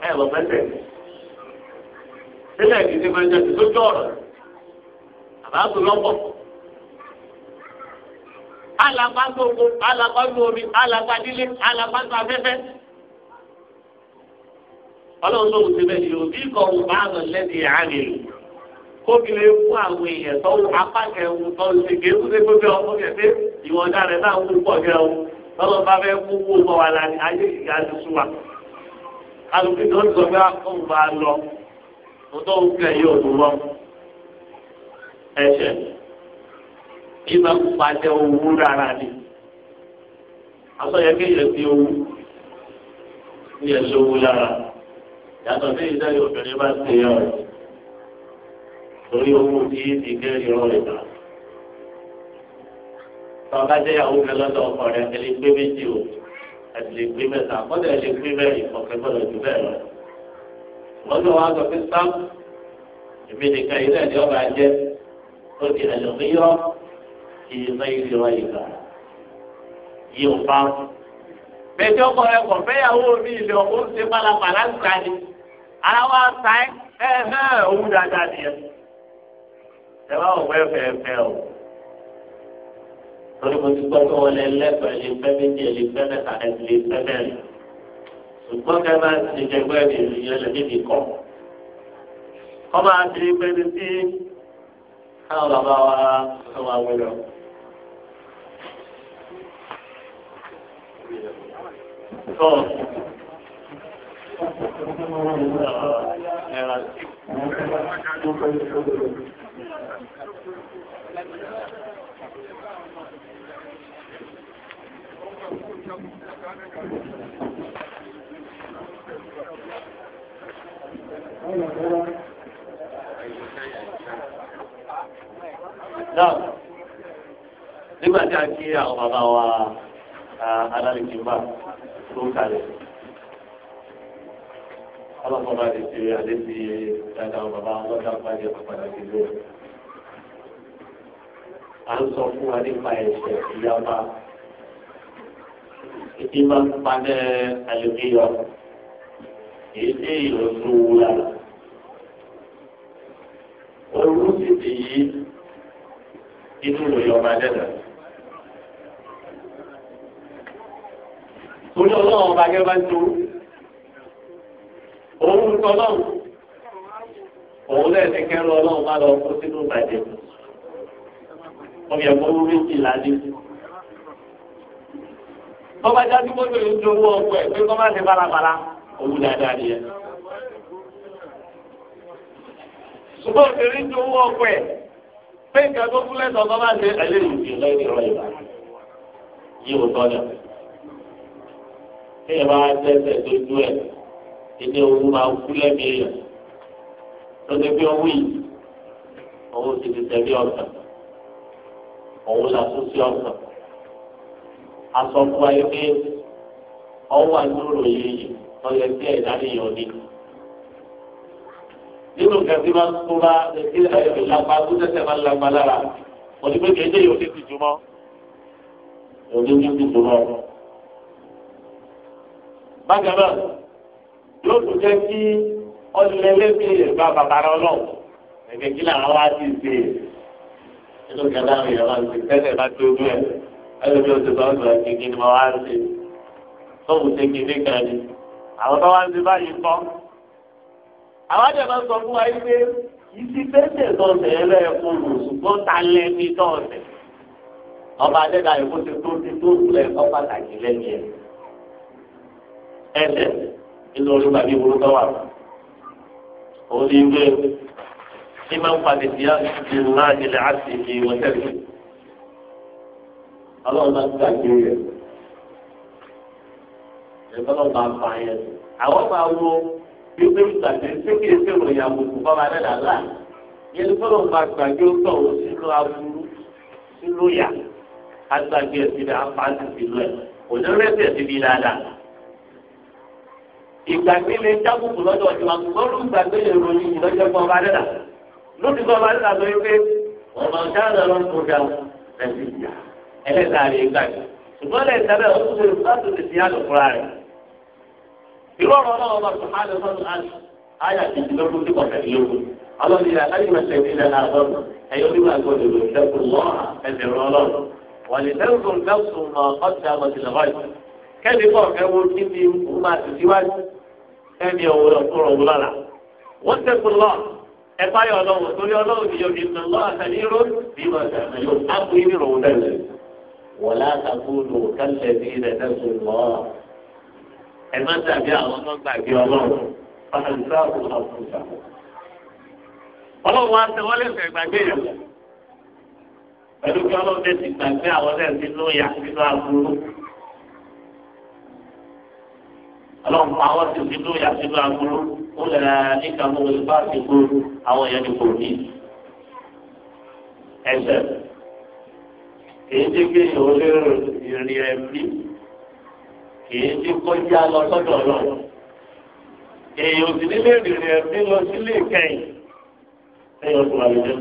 sílẹ̀ ọlọ́run tó ti bẹ́ẹ̀ yóò bí kò ń bá àwọn lẹ́dí àárẹ̀ lò kóbìnrin fún àwọn èèyàn tó ń apá kẹwù tó ń ṣe kéwù tó gbé ọmọ kẹfẹ ìwọ̀n dára náà ń pọ̀ kẹwù tọ́lọ́ bá fẹ́ kú wó bọ̀ wà láti ayé ìyá ti sùn wa. kálukú tó ń sọ pé akọ́wù bá lọ mo tó ń kẹ yóò tó lọ. ẹsẹ̀ ìgbà pàṣẹ owó rárá ni àtọ́yẹ kéèyàn fi owó ní ẹ̀sọ́ owó lára yàtọ̀ sí ìdáyé obìnrin bá ti yọ rẹ̀ torí owó tí ti kẹ́rì rọ rẹ̀ bá. tọ́ka jẹ́ ìyàwó kan lọ́dọ̀ ọkọ rẹ̀ ẹ lè gbé méjì o ẹ sì lè gbé mẹ́ta kọ́dọ̀ ẹ lè gbé mẹ́rin ọ̀kẹ́ gbọ́dọ̀ jù bẹ́ẹ̀ lọ. lọ́dọ̀ wa sọ pé sam èmi nìkan ilé ẹ̀ ní ọba jẹ́ ó di ẹ̀lọ́míyọ́ kì í mẹ́ ìlú wa ìgbà yìí bá. bẹ́ẹ̀ tí ọkọ rẹ̀ kọ̀ fẹ́yàwó mi ìlú ọkọ̀ ṣe pálapàla ń ta ni ara wa sa ẹ ẹ ẹ òun dáadáa nìyẹn ẹ bá òun fẹ́ fẹ́ o torí mo ti gbọ́ pé wọ́n lé lẹ́fẹ̀ẹ́ lè fẹ́ méjì lè fẹ́ mẹ́ta lè fẹ́ mẹ́rin ṣùgbọ́n kẹ́ máa ti jẹgbẹ́ mi ìyẹn lè níbi kọ́ kọ́ máa ti pé ní sí káwọn bàbá wa àwọn àwọn ènìyàn. Tọ́ọ̀. Náà, a kí àwọn bàbá wa alálejò tó kalẹ̀ ọlọ́pàá bá ti ṣe àdébí dáadáa bàbá ọlọ́dà pàdé pàpàdà sí lóò. À ń sọ fún wa nípa ẹ̀ṣẹ̀ ìyába. Ìdí máa ń panẹ́ àlùkíyọ. Èyí tí ìrọ̀sùn wúlà. Orú sì ti yí inú ìròyìn dẹ́nà. Torí ọlọ́run bá gẹ́gẹ́ bá ń torú. òun tọ́ lọ́wọ́ òun lẹ́sẹ̀ kẹrù ọlọ́run bá lọ kó sínú ìbàjẹ́ ọmọ ẹ̀kọ́ méjì lálé. bọ́bá jáde mọ́tò yìí ń dowó ọkọ̀ ẹ̀ pé kọ́ má ṣe bárabàrà òun dáadáa nìyẹn. ṣùgbọ́n òṣèré ń ẹ̀ pé nǹkan tó fún lẹ́sọ̀ má ṣe ìbá yìí ò tọ́ lẹ̀. ilé owó máa kú lẹ́mìí èèyàn lọ́dẹ bí owó yìí owó ti di tẹ̀lé ọ̀sán òun là tún sí ọ̀sán aṣọ fún wa yìí pé ọwọ́ àdúrò yìí yìí lọ́yẹ sí ẹ̀dá nìyọ̀ ni nínú kẹsí máa ń kóra ẹsẹ ẹ̀rọ ìlàpá tó tẹsẹ̀ máa ń lágbá lára òdìgbò kéde yóò ní tìjú mọ́ òdìgbò tìjú mọ́ bákan náà yóò tún jẹ́ kí ọlẹ́lẹ́bí ẹ̀gbá bàbára ọlọ́run ẹ̀gẹ́ kí làwọn wá sí ṣe nínú kẹta àwọn èèyàn máa ń ṣe tẹ́lẹ̀ bá tó bí ẹ̀ ẹlẹ́bí ó ti sọ ọ́nà kékeré ni mo wá ń ṣe tóun ṣe kékeré kan ni àwọn tó wá ń ṣe báyìí kọ́. àwọn àjẹ́ máa ń sọ fún wa yìí pé ìsì fẹ́sẹ̀ tọ̀sẹ̀ ẹlẹ́ẹ̀kún ṣùgbọ́n ta lẹ́ni tọ̀sẹ̀ ọba adẹ́dá ìfọ́sẹ̀ tó ti tó lẹ̀ ọ́ pàtàkì lẹ́ni ẹ̀ ẹ̀sẹ̀ nínú orí gbàgbé burú tó wà. òun ni pé kí máa ń padì sí àti náà ilẹ̀ àti ìwọ tẹ̀lé. ọlọ́run náà gbàgbé rẹ̀. ìfọlọ́ bá fa yẹn. àwọn máa wo bí pé gbàgbé sókè sèrò ìyàwó kò bá wa dẹ́dà láà. yẹn ní fọlọ́ bá gbàgbé ó tọ̀ wọ́n sínú aburú sínú yà. agbàgbé ẹ̀ síbi àpá àti ìlú ẹ̀ òjò rẹ̀ tẹ̀ síbi dáadáa ìgbàgbé lè jábùkù lọ́dọ̀ ọ̀dọ̀ wa ṣùgbọ́n ló ń gbàgbé lè ròyìn ìlọ́jọ́ fún ọba dẹ́dà lóòtú fún ọba dẹ́dà lórí pé ọ̀nà ìdáná ló ń kọjá ẹ̀sìn ìjà ẹlẹ́ta rè é gbàgbé ṣùgbọ́n lẹ́ẹ̀ta bẹ́ẹ̀ ó tún lè fún àtúntò sí àlọ́ fúnra rẹ̀. irú ọ̀rọ̀ náà wọ́n sọ hálẹ̀ fọ́nù áyà ìdílógún tí kọ̀ọ̀kan ìlógún ọlọ́run ìlà láyé mẹ́sẹ̀ ìdílé náà lọ́dún ẹ̀yọ́ nígbà gbọ́dọ̀ kẹ́mi ọ̀wọ́dọ̀ kúrò wúlọ́la wọ́n tẹ̀kùn lọ ẹ̀fá yọ ọlọ́run torí ọlọ́run ti yọ ìdùnnú lọ́wọ́ àtàlẹ́ irú bí wọ́n tẹ̀lé yóò ápò yín rò wọ́n wọ́lá takúlù kálẹ̀ bí ìrẹ̀lẹ̀ tó lọ. ẹ má dàbí àwọn ọmọ gbàgbé ọlọ́run ọ̀sán ọ̀sán ọlọ́run wa tẹ̀wọ́lé ìfẹ́ gbàgbé yẹn pẹ̀lú kí ọlọ́run tẹ̀sí gbàgbé àwọn ẹ̀ ọlọ́run pa àwọn tí òbí tó yà sí ló agbóró ó lẹ̀ níka mú ipá ti kó àwọn èèyàn ti kò ní. ẹsẹ̀ kìí ti gbé ìwọlé ìrìn ẹ̀mí kìí ti kọjá lọ sọ́dọ̀ ọlọ́run èèyàn sì nílé ìrìn ẹ̀mí lọ sílé ìkẹyìn ẹ̀yọ̀ tó wà lójú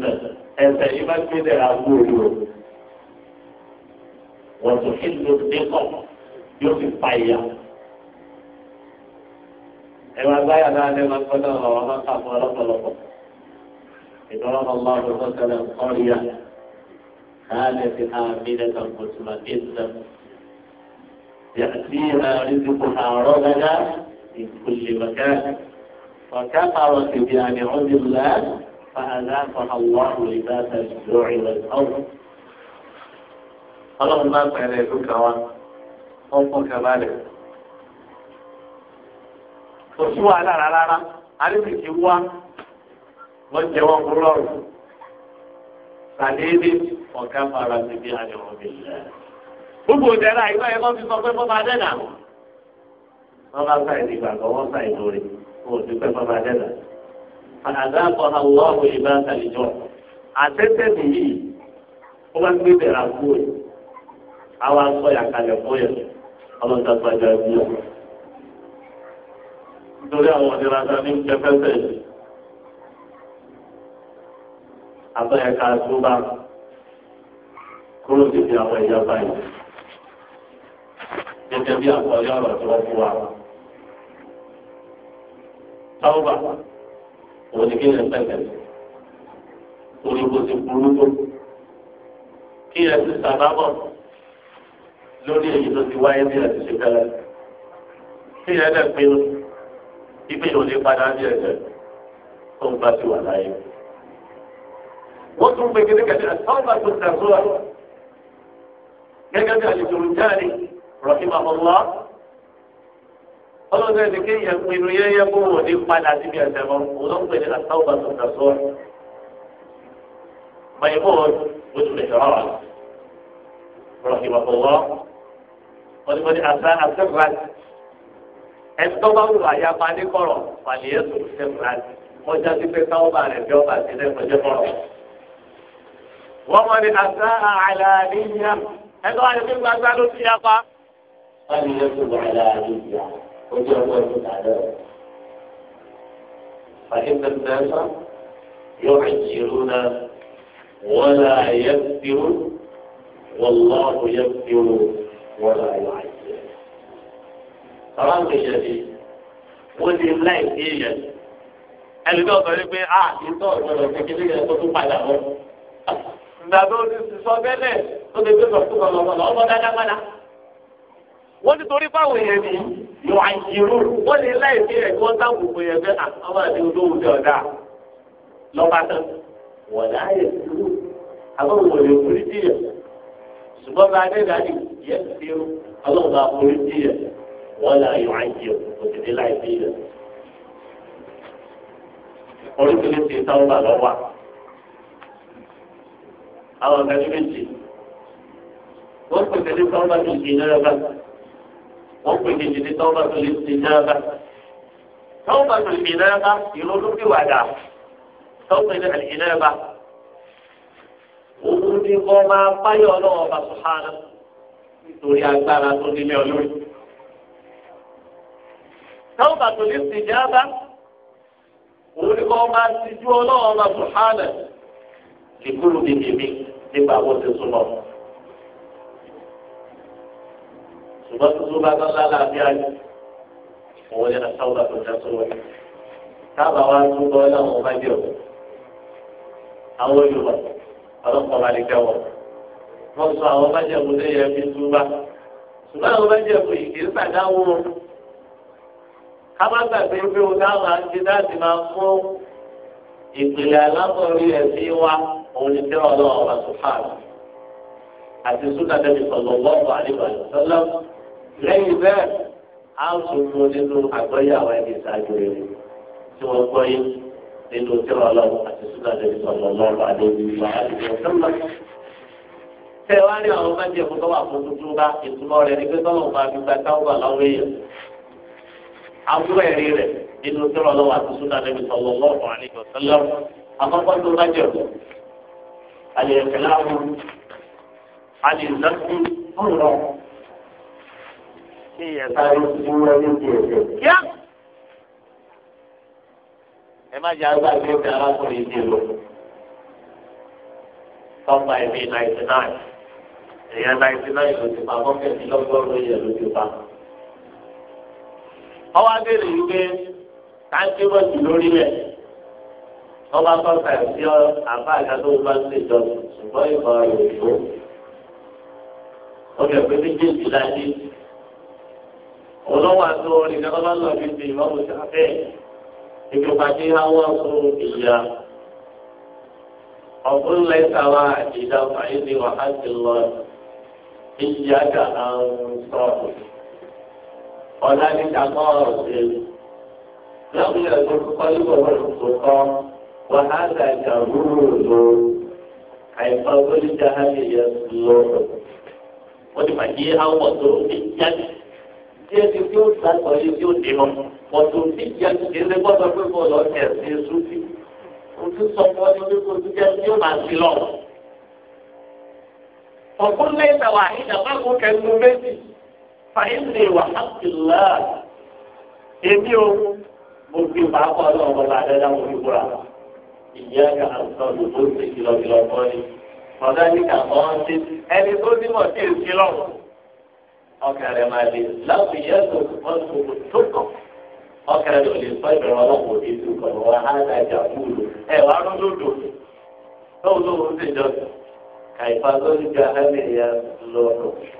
ẹsẹ̀ yìí bá gbé dẹ̀ agbóró wọ́n tún kí ló dé kọ̀ yóò fi pa ìyá ẹwà gbáyà náà lè máa gbọ́dọ̀ ọ̀rọ̀ máa kà fún ọlọ́pọ̀lọpọ̀ ìdọ́rọ̀ ọmọ ọdún sọ̀rọ̀ ọ̀rìyà káàlẹ̀ ti hàn mí lẹ́tọ̀ kùtùmá ìtàn yàtí àrídìkù àárọ̀ gàdá ìkùlì mọ̀ká وكفرت بأنعم الله فأذاقها kò sí wàhálà rárá àríwìsì wá wọ́n jẹ́ wọn kúrò ọ̀rùn sàdéédé ọ̀gá mara ti bí àdéhùn mi lẹ̀. gbogbo ìdẹ́ra ìwé ẹ̀kọ́ fi sọ pé bọ́ba dẹ́nà wọ́n bá sáì ní gbàgbọ́ wọ́n sáì lórí wọ́n ti pẹ́ bọ́ba dẹ́nà. àdá kọ́ àwọn ọ̀hún ìbá sàlìjọ́ àtẹ́tẹ́ nìyí ó bá gbé bẹ̀rẹ̀ àkúrò àwọn aṣọ ìyàkálẹ̀ fún yẹn torí àwọn òdìrà kan ní kẹfẹ́fẹ́ yìí. Abẹ́yẹ ká tó bá kúrò níbi àwọn ẹ̀yà báyìí. Gẹ́gẹ́ bí àkọ́lé ọ̀rọ̀ tí wọ́n fún wa. Táwọ́bà òun ni kí ni pẹ̀lẹ́. Orí kò sí burú tó. Kí ẹ sì sàbábọ̀ lórí èyí tó ti wáyé bí ẹ ti ṣe fẹ́rẹ́. Kí ẹ dẹ̀ pinnu ibi yóò lè padà bí ẹ̀jẹ̀ tó ń bá ti wà láyé. wọ́n tún gbé kékeré àtọ́gbà tó tẹ̀síwá gẹ́gẹ́ bí àlejò jáde rọ̀kìmà ọ̀la ọlọ́dún ẹni kéèyàn pinnu yẹ́yẹ́ kó wò ní padà síbi ẹ̀sẹ̀ mọ́ òun ló ń pè ní àtọ́gbà tó tẹ̀síwá. mọ̀nyìnbó oṣù lè ṣọ́ra rọ̀kìmà ọ̀la wọ́n ti kọ́ ní ẹ̀tọ́ wù àyàpá ní kọ̀rọ̀ fàlìyé tó ṣe fún àti ọjà tí pé káwọn wọ́n já sí pe káwọ́ jẹ́ kọ̀rọ̀. wọ́n sílẹ̀ lekoo àṣà àlà níyà ẹni tó wà ní pé gbàgbá ló ti yá yapa. fàlìyé tó wà àlà níyà ó jẹ́ ọgbọ́n tó tà lẹ́rọ. فإن الناس يعجلون ولا يكثرون wọ́n يكثر ولا يعجل sọ̀rọ̀ ń gbèsè sí ó ti láì sí èèyàn ẹlòmíràn sọ wípé a ìtọ́ ìgbọ̀dọ̀ fi kí nígbà tó tún padà wọ́n. ìgbà tó ti sọ bẹ́lẹ̀ tó ti gbé sọ̀tún kan lọ́wọ́ ọmọ dáadáa wọ́n ti torí fáwọn èèyàn ní yọ àìsírò wọ́n ti láì sí ẹ̀ kí wọ́n dá gbogbo yẹn fẹ́ àwọn àti olówó ti ọ̀dà lọ́ba tán. wọ́n ṣùgbọ́n bá wọ́n là yọ àjẹ òtítí láì bí rẹ̀. oríṣiríṣi táwọn lọ́wọ́ àwọn akẹ́kọ̀ọ́ méjì wọ́n pèsè ní táwọn tó ṣe náírà bá wọ́n pèsè ní táwọn tó lè ṣe náírà bá táwọn tó lè ṣe bá ìrònú bí wàdà táwọn tó lè ṣe náírà bá òun ni wọ́n máa báyọ̀ ọlọ́wọ́ bá sọ̀hánà nítorí agbára tó nílé ọlọ́run. táwọn bàtò ní ìsìnjábá òun ni máa ti ju ọlọ́run ọba buhana ìkúrú bíbí mi nípa àwọn ti súnmọ́. ṣùgbọ́n tuntun bá tán lálàáfíà ni òun ni àtàwọn bàtò já sọ́wọ́ wa tún bọ́ ọba jẹ́ òun. àwọn olùwà ọlọ́pàá lè wọ́n sọ àwọn bá jẹ́ ṣùgbọ́n àwọn bá jẹ́ kámágbàgbé pé o dáhùn àti dáàbì máa mú ìpìlẹ̀ alámọ̀rí ẹ̀sìn wa òun ni tí ọlọ́run wa sùfààlù àti súnà tẹ̀lé sọ̀rọ̀ lọ́wọ́ àdìgbà sọ́lá lẹ́yìn bẹ́ẹ̀ á sùn fún nínú àgbọ́yàwó ẹni ìsáájú rẹ̀ tí wọ́n gbọ́ yín nínú tí ọlọ́run àti súnà tẹ̀lé sọ̀rọ̀ lọ́wọ́ àdìgbà sọ́lá tẹ̀wá ní àwọn májèkú tó wà fún tuntun bá ìtumọ̀ rẹ̀ ní pé àwọn ẹ̀rí rẹ̀ nínú tí wọ́n lọ́wọ́ àti súnà níbi sọ̀rọ̀ lọ́wọ́ àlejò sẹ́lẹ̀ àkọ́kọ́ tó bá jẹ̀bù àlè ìfẹ́lá wọn àlè ìlẹ́kùn ọ̀rọ̀ kí ìyẹ̀ta yóò fún wọn ní ìdíyẹ̀ kíá. ẹ má jẹ́ àgbà tí ó fi arákùnrin dì lọ tọ́gbà ẹ̀mí náìtì náà èèyàn ló ti pa mọ́kẹ́tì lọ́gọ́rùn-ún yẹn ló ti pa ọwọ́ abéèrè yìí pé táǹkì bọ̀ jù lórí rẹ̀ ọba kọ́ta sí ọ àbá àgbàdo bá ṣe jọ ṣùgbọ́n ìbọn rẹ̀ ò tó. ọbẹ̀ pé méjèèjì láti olówó àti orin ní ọba lọ fi di ìmọ̀mù sáfẹ́ ìgbìpàdé àwọn fún ìyá ọ̀gbọ́n lẹ́sàwá ìdáfà ìdíwà àti lọ ìyá gà án sọ̀rọ̀ ọ̀la ní ìdàgbọ́ ọ̀sẹ̀. lọ́kùnrin ẹ̀sùn kọ́ yíwọ̀ wọ́n tó kọ́ wọ́n á gbà ìjà rúrù lò àìsàn olùjà ayẹyẹ lò. wọ́n ti pàdé àwọn tó ti jáde tí ẹni tí ó sàtọ̀ yìí tí ó dìmọ̀ ọ̀tọ̀ tí jáde kì í ṣe gbọ́dọ̀ pé mo lọ sí ẹ̀sìn sùfì. ojú sọ fún ọdún pé kò tún jẹ́ tí ó máa sí lọ. ọ̀kúnlé ìtàwà ìdàgbàgbọ́ kẹ́nu méjì. fàyínlẹ̀ wà hàkìlá èmi e mo fi pàápàá lọ́wọ́ ládàá mo fi búra ìyá ka àtúntò lòdò ṣe kìlọ̀kìlọ̀ kan ni ọ̀dà ní kà ọ́ ń ẹni tó nímọ̀ sí èsì lọ́wọ́ ọkàn rẹ̀ máa lè láti yẹ kó wọ́n tó tó rẹ̀ ò lè sọ ìbẹ̀rẹ̀ ọlọ́pàá tó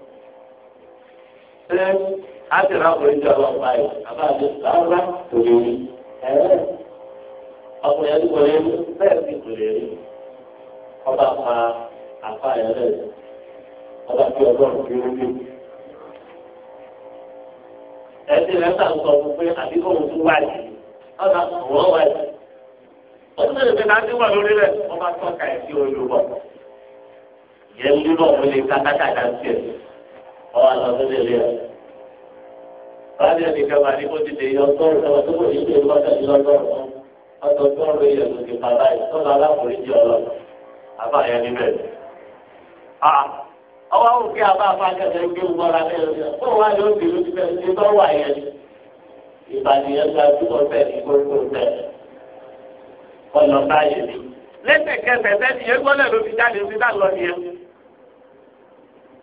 ṣé á sì rákùnrin jọ lọ pa ẹ̀ àbá lè rí ẹ̀rẹ́ ọkùnrin ẹni lè rí bẹ́ẹ̀ sì kò lè rí ọba pa àfa ẹ̀rẹ́ ọba fi ọlọ́run fi ẹ̀sìn rẹ̀ sàn sọ fún pé òun tún wà lórí rẹ̀ tọ́ka olùbọ̀. ìyẹn ń dúró lè ká ọwọ́ àtọ́sọ́lé ilé rẹ̀. Báyọ̀ nìkan máa ní kó ti lè yọ ọgọ́rùn-ún ọmọ tó kò ní ṣe lọ́sẹ̀ lọ́gọ́rùn-ún. Ọ̀sọ̀ ọgọ́rùn-ún ilẹ̀ tó ti padà yìí tó lọ aláforíjì ọlọ́run. Àbá yẹn níbẹ̀. Ọwọ́ òkè àbá afákẹ́kẹ́ gbé wọ́ra lẹ́yìn. Ó wá ní òbí ló ti fẹ́ ṣe tó wà yẹn. Ìbànújẹ́ gba túbọ̀ bẹ́ẹ̀ ní gbogbo bẹ́ẹ̀. Ọ̀nà báyìí ni. Lẹ́sẹ̀kẹsẹ̀ bẹ́ẹ̀ ni yẹn gbọ́dọ̀ ló fi jáde sí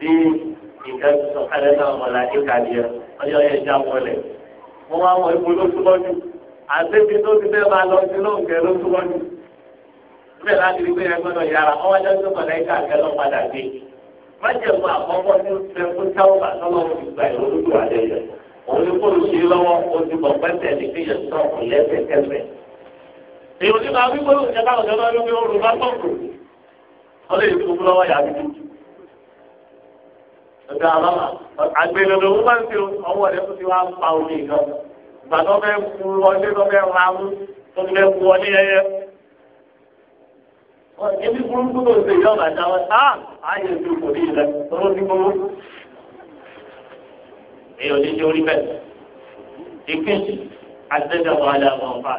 bí nǹkan sọ kálẹ̀ náà mọ̀lá ìka nìyẹn ọjọ́ yẹn já wọlé. mo máa mọ ipò ló túbọ̀ jù àtẹ́bí tó ti fẹ́ máa lọ sí lóǹkẹ́ ló túbọ̀ jù. bẹ́ẹ̀ láti rí pé ẹ gbọ́dọ̀ yára ọwọ́ ajá tó mọ̀lá ìka àgbẹ̀ lọ padà dé. májèmú àkọ́kọ́ tó fẹ́ fún táwọn àtọ́lọ́ ìgbà ìrònúdù àdẹ́yẹ. òun ni kó o ṣe lọ́wọ́ o ti bọ̀ pẹ́sẹ̀ ní fi yẹn sọ ìlẹ́sẹ̀kẹsẹ̀. ní máa wí pé ó ń ṣe ọ̀dọ̀ àbámà àgbélọ̀dọ̀ wọn bá ń fi ọwọ́ rẹ̀ tó ti wá pa omi nǹkan ìgbà tó fẹ́ ku ọdẹ tó fẹ́ ra mú tó fẹ́ ku ọdẹ yẹyẹ. ebi burúkú tó ń ṣe ìjọba àtàwọn sáà ààyè ojú kò ní ilẹ̀ tó ló ti gbowó. èèyàn ní ṣe orí bẹ́ẹ̀ ìkejì àtẹ́jọba aláàbọ̀ ọ̀fà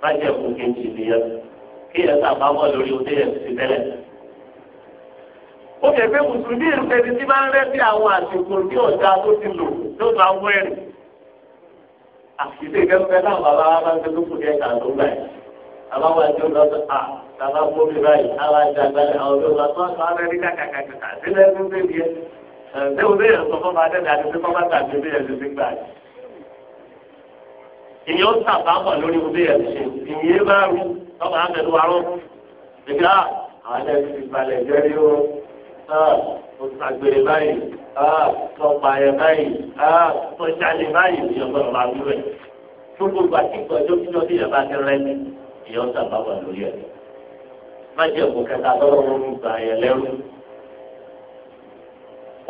bá jẹ́ kó kejì nìyẹn kí ẹ̀ sábà bọ̀ lórí ọdẹ yẹn ti tẹ́lẹ̀ ó yẹ pé mùsùlùmí ìrìnsẹ̀ni tí máa ń rẹ́ sí àwọn àsìkò ní ọ̀dà tó ti lò tó máa ń wẹ̀rì. àṣìṣe ìgbẹ́fẹ́ náà bàbá wa máa ń tẹ́lú kù ní ẹ̀ka tó gbà yìí. bàbá wa jẹ́ ọ̀dọ́ sọ à bàbá fún mi báyìí àwọn àjàgbá àwọn ọ̀dọ́ sọ sọ alẹ́ ní kàkàkàkà sílẹ̀ ní bẹ́ẹ̀ yẹn. ǹjẹ́ òun yẹn sọ fún adé àti pé kọ́má tàbí bí ẹ̀sìn ti gbà yìí. ìyẹn ó sàbámọ̀ lórí bí ẹ̀sìn ìyẹn bá rú ọmọ àgbẹ̀dùn arọ́ ìgbà àwọn ẹ̀sìn ìbalẹ̀ jẹ́rí ó ó ah, ṣàgbèrè báyìí lọ ah, pààyàn báyìí lọ ah, ṣàlè báyìí ìyọ̀ gbọ́dọ̀ máa wí rẹ̀. gbogbo ìgbà tí kí lọ́dún yẹn bá ti rẹ́ ní ìyọ̀ sábà wà lórí ẹ̀. má jẹ́ kó kẹta lọ́rọ̀ wọn ń gbà yẹn lẹ́rú.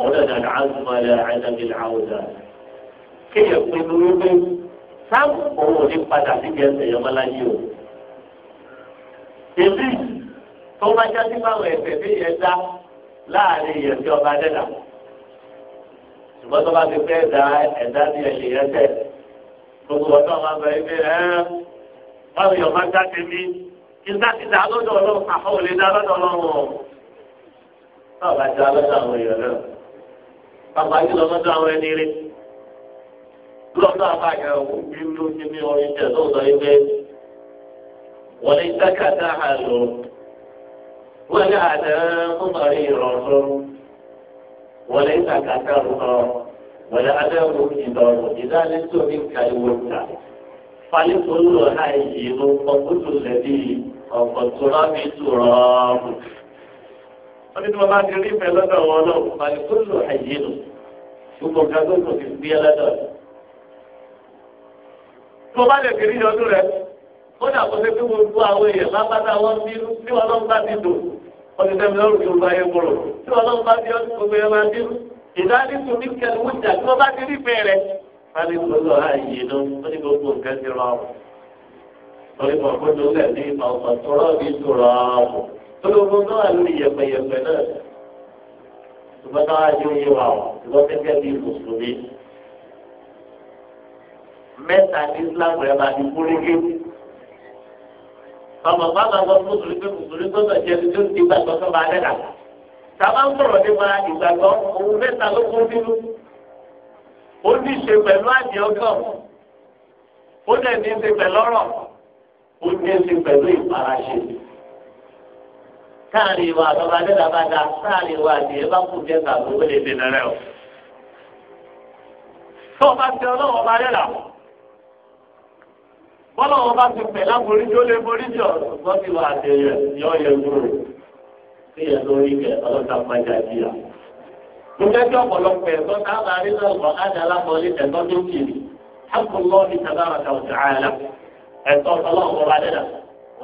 ọ̀dọ̀dà ni àzùmọ̀ ẹ̀ àdàbìlà àwùjọ. kéèyàn pinnu wípé sáàmù òun ò ní padà síbi ẹsẹ̀ yọmọ tó bá jáde báwọn ẹ̀fẹ̀ bí yẹn dá láàrin yẹn sí ọba dẹ́dà ṣùgbọ́n tó bá ti fẹ́ ẹ̀dá ẹ̀dá ní ẹ̀yìn yẹn tẹ̀ gbogbo ọ̀dọ́ máa bẹ̀rẹ̀ pé ẹ́ báwo yọ̀ máa dáké mi kí n dáké dá lọ́dọ̀ ọlọ́run àwọn ò dá lọ́dọ̀ ọlọ́run o náà bá dá lọ́dọ̀ àwọn èèyàn náà bàbá yìí lọ́dọ̀ àwọn ẹni rí lọ́dọ̀ àbáyọ̀ ìlú ti ní orin tẹ̀ lóòótọ́ ilé wọlé sákàtà àlọ́. ولهداهم طريقهم وليس كثرهم ولهداهم كتابهم إذا لست منك الوجه فلكل حي فقلت الذي فقلت ربي تراب wọ́n ti wọ́n bá ti rí ìfẹ́ lọ́dọ̀ wọn náà pàdé tó lò àyè nù gbogbo nǹkan tó kò ti gbé lọ́dọ̀ rẹ̀. tó bá lè kiri ìyọdún rẹ̀ kódà kó ṣe pé gbogbo àwọn èèyàn bá bá dá wọn lọ́n bá ti dùn wọ́n ti tẹ́mi lọ́rùn tó bá yẹ kúrò tí wọ́n lọ́wọ́ bá bí ọ́ gbogbo yẹn máa dín ìdálẹ́kù ní kẹlẹ́wùjà tí wọ́n bá ti rí bẹ́ẹ̀ rẹ̀ wọ́n ní gbogbo ààyè ló wọ́n ní gbogbo nǹkan ti rọrùn torí mọ̀ kó ló lẹ̀ ní ọ̀pọ̀ tó rọ́ọ̀bì tó rọrùn tó ló gbogbo wà lórí yẹpẹyẹpẹ náà ṣùgbọ́n mẹ́ta ní Islam rẹ̀ máa ti kúrégé ọmọ bàbá wọn mùsùlùmí pé mùsùlùmí gbọ́dọ̀ jẹ́ ẹni tó ti gbàgbọ́ tó máa dẹ́ta. sábà ń sọ̀rọ̀ nípa ìgbàgbọ́ òun mẹ́ta ló kún sínú. ó ní í ṣe pẹ̀lú àjẹ ọjọ́ ó dẹ̀ ní í ṣe pẹ̀lú ọ̀rọ̀ ó ní í ṣe pẹ̀lú ìfaraṣe. káàrin ìwà àtọ́ba dẹ́ta bá da káàrin ìwà àdìyẹ bá kù jẹ́ tàbí ó lè dènà rẹ̀ o. tó bá ti ọlọ́wọ́ bọ́lá wọn bá ti pẹ̀ láborí tó lé borí jọ wọ́n ti wà àtẹ̀yẹ yọ yẹ gbúrò sí yẹ lórí kẹ ọlọ́ta pàjá bí i. mo jẹ́ kí ọ̀pọ̀lọpọ̀ ẹ̀tọ́ tá a máa rí náà wọ́n á ẹ̀tọ́ tó kiri ní tàbára kan ẹ̀tọ́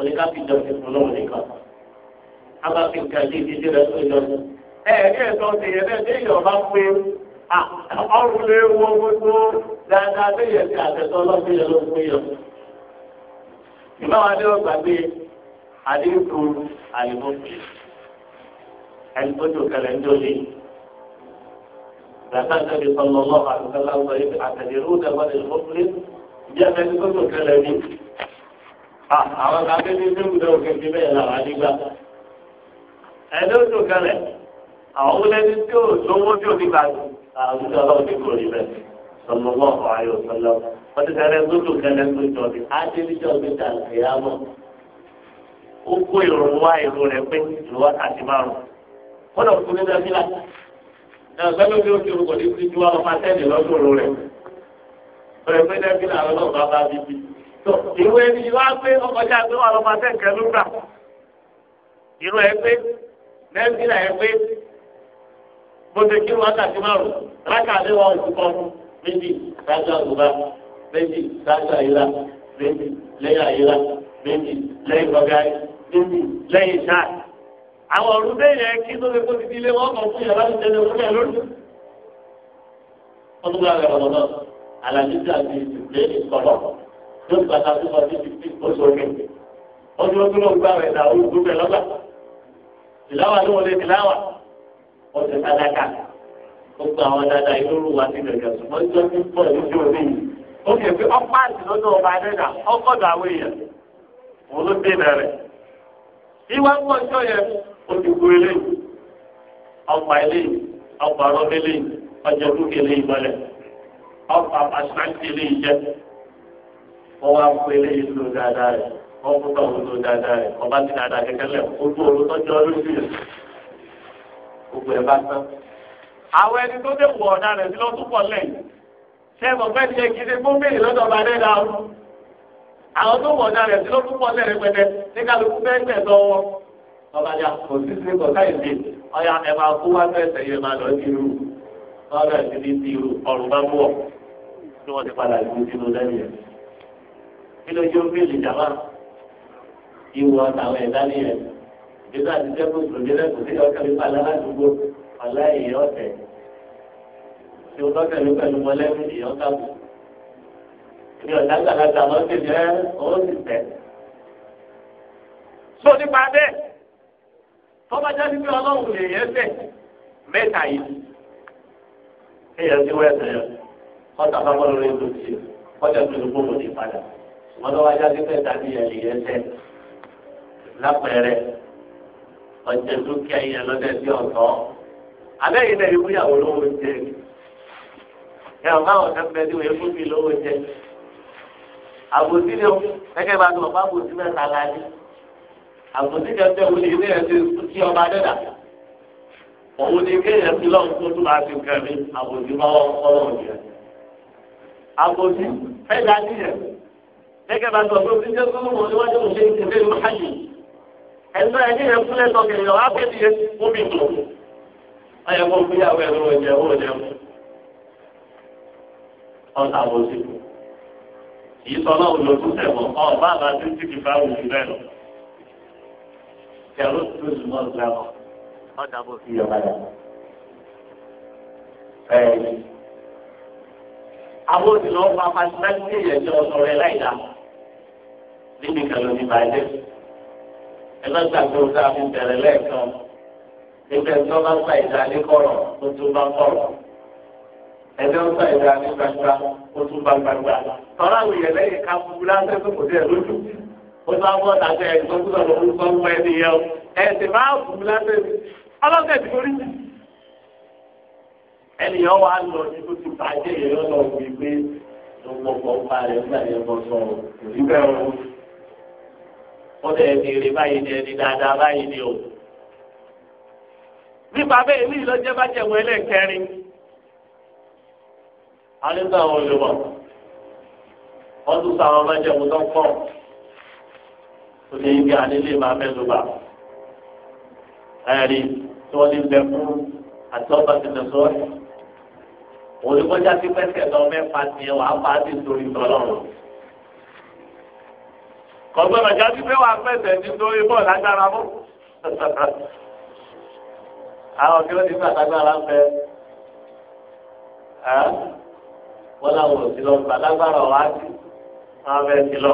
dẹ́dà fi jọ sí fún lọ́wọ́ nìkan. a fi nǹkan ìbáwọn adéwọ̀ gbàgbé àdínkù àlùmọ́tì àlùmọ́tò kẹlẹ̀ ń dọ́lé. Gbàgbá sẹ́bi sọ̀rọ̀ lọ́wọ́ àtúntàlá ń sọ yìí àtẹ̀lérú dàgbà lè mọ́tòlé jẹ́ ẹni tó tó kẹlẹ̀ ní. Àwọn kan kí ní sẹ́wù dẹ́wù kẹ́kẹ́ bẹ́ẹ̀ làwọn adigbá. Ẹni tó kẹlẹ̀ àwọn wọlé ní tí ò lówó tí ò ní gbàgbé àwọn ọlọ́run sallallahu alaihi wasallam wọ́n ti sẹ́rẹ̀ gbọ́dọ̀ kẹlẹ́ pé jọ̀bí adébíjọ́ bí dàgbéyàmọ̀ ó kó ìrùn wá ìrùn rẹ̀ pé ìlú wákàtí márùn-ún wọ́n lọ fún nígbà fílà ẹ̀sán ló ní oṣù orúkọ ní ti ju àwọn pátẹ́ẹ̀nì lọ́dún òru rẹ̀ pẹ̀lú pé dẹ́bílà ọlọ́ọ̀bá bá bíbí tó ìwé ni wá pé ọkọjá pé wà lọ́ọ́ pátẹ́ẹ̀nì kẹlú gbà irú ẹ pé dẹ́bílà ẹ pé bó méjì dájọ́ àgùnbá méjì dájọ́ àyíra méjì lẹ́yìn àyíra méjì lẹ́yìn gbọ̀gáyé méjì lẹ́yìn ṣáà. àwọn ọ̀rùn bẹ́ẹ̀ yẹn kí ló lè kó ti dilé wọn kàn fún yàrá ìjẹun ìwúlẹ̀ lónìí. wọ́n tún bá rẹ̀ ọ̀rọ̀ náà alàyè tí a ti lé ìkọ̀lọ̀ tó ń bàtà tó kọjú ti fi oṣù omi. ọdún ọdún náà gbà rẹ̀ dà ó gbúgbẹ̀ lọ́gbà. ìláwà ló wọlé ìláwà ọ̀sẹ̀ gbogbo àwọn dada ìlú wa ti gẹ̀gẹ̀ pọ̀ lójú omi yìí. ó ọpá àti lọ́dọ̀ ọba adẹ́dà àwọn èèyàn òun ló dé bẹ̀rẹ̀. ìwà ń wọ́jọ́ yẹn ó ti gbó ọgbà ọgbà rọ́bí dúkìá ọgbà wọ́n wá fún dáadáa rẹ̀ wọ́n fún tọ̀hún dáadáa rẹ̀ ọba ti dáadáa àwọn ẹni tó dé wọ ọ̀dà rẹ̀ sí lọ́tún pọ̀ lẹ́yìn sẹ́wọ̀n fẹ́ ṣe gidi fún bẹ́ẹ̀ lọ́dọ̀ bá dé dáa wọn. àwọn tó wọ ọ̀dà rẹ̀ sí lọ́tún pọ̀ pẹ̀lẹ́ ní kálukú bẹ́ẹ̀ wọn. ọba ya kò sí sí ọya ẹ kó wá fẹ́ sẹ́yìn máa lọ sí irú ní ti irú ọ̀rùn bá tí wọ́n ti padà aláìyẹ tí o tọ́jú ẹ̀lú pẹ̀lú mọ́lẹ́bí èèyàn dàbò ní ọ̀dà lọ sí ẹ ó sì tẹ̀. sọ nípa bẹ́ẹ̀ tọ́bajá ní pé ọlọ́run lè yẹ bẹ́ẹ̀ mẹ́ta yìí èèyàn ti wọ ẹsẹ̀ yẹn ọ̀tà bábọ́ lórí ètò tí ọjà tó dùgbò mọ̀ ní padà ṣùgbọ́n tọ́bajá ní pé tàbí yẹn lè yẹ bẹ́ẹ̀ lápẹẹrẹ ọjà dúkìá yẹn lọ́dẹ̀ sí ọ̀tọ̀ alẹ́ yìí náà ewu ìyàwó lówó jẹ ẹ ọ̀ báwọn ọ̀sẹ̀ fún ẹdínwó ewu mi lówó jẹ àbòsí ni ó gẹ́gẹ́ bá tó ọ̀pá àbòsí mẹ́ta la ní àbòsí kẹfẹ́ wo ni ilé ẹ̀ ti kí ọba dẹ́dà òun ni kéèyàn ti lọ́hùn tó tún máa fi kẹ́ mi àbòsí bá wọn kọ́ wọn jẹ àbòsí fẹ́ẹ́ dá níyẹn gẹ́gẹ́ bá tó ọ̀pá òsì jẹ́ kọ́kọ́ wọn níwájú òṣèlú ti fẹ́ẹ́ máa yìí ẹ̀sọ́ ẹ̀ ayẹ kó fúyàwó ẹ ló jẹ ó jẹ mú ọta wo sí kù kì sọ náà ló tún tẹ̀wọ̀ ọ bá àbá tí tí kì bá wù ú bẹ́ẹ̀ lọ. kẹrù tó sì mọ́ ọ̀gá wọn ọjà bó fi yọ padà. àwọn òsìlọ ọba fásitì ìyẹ̀jẹ̀ ọ̀sọ̀rọ̀ ẹ̀ láìda níbi kan ló ní bàjẹ́ ẹ lọ́gbàgbọ́ sáà fún bẹ̀rẹ̀ lẹ́ẹ̀kan nípa ẹjọ́ bá sa ìdá ní kọ̀rọ̀ tó tún bá kọ̀rọ̀ ẹjọ́ sa ìdá ní gbangba tó tún bá gbangba tọ́lá àwọn èèyàn lẹ́yìn ká fún lásán tó kò tẹ̀ lójú ó tún àwọn ọ̀tà tẹ̀ ẹ̀sọ́ tó sọ̀rọ̀ ó sọ fún ẹni yẹn o ẹ̀sìn máa fún lásán ọlọ́sẹ̀ ti lórí ẹnìyàn wà lọ ní kó ti bàjẹ́ yẹn lọ́nà òbí pé ló nípa bẹ́ẹ̀ ní ìlọ́jẹ́ bá jẹ̀wọ́ ẹlẹ́kẹrin. alẹ́gbẹ́ àwọn olùwọ̀ wọ́n tún sọ àwọn ọmọdéwọ̀n tó ń pọ̀ tó lè gbé alẹ́lẹ́ máa mẹ́nu bá ẹ̀rí tí wọ́n ti bẹ fún àtọ́gbà ti tẹ̀ sọ́ọ́ wọ́n lè kọjá sí pẹ́sẹ̀ lọ mẹ́fà tiẹ̀ wàá bá ti torí tọ́lọ́run kọ̀gbọ́n ọ̀já ti fẹ́ wàá pẹ́sẹ̀ nítorí bọ́ọ̀lù agbára mọ́. àwọn kí ló ti gbàdágbára ń bẹ wọn làwọn ò sí lọ gbàdágbára ọ̀ á sí wọn bẹ sí lọ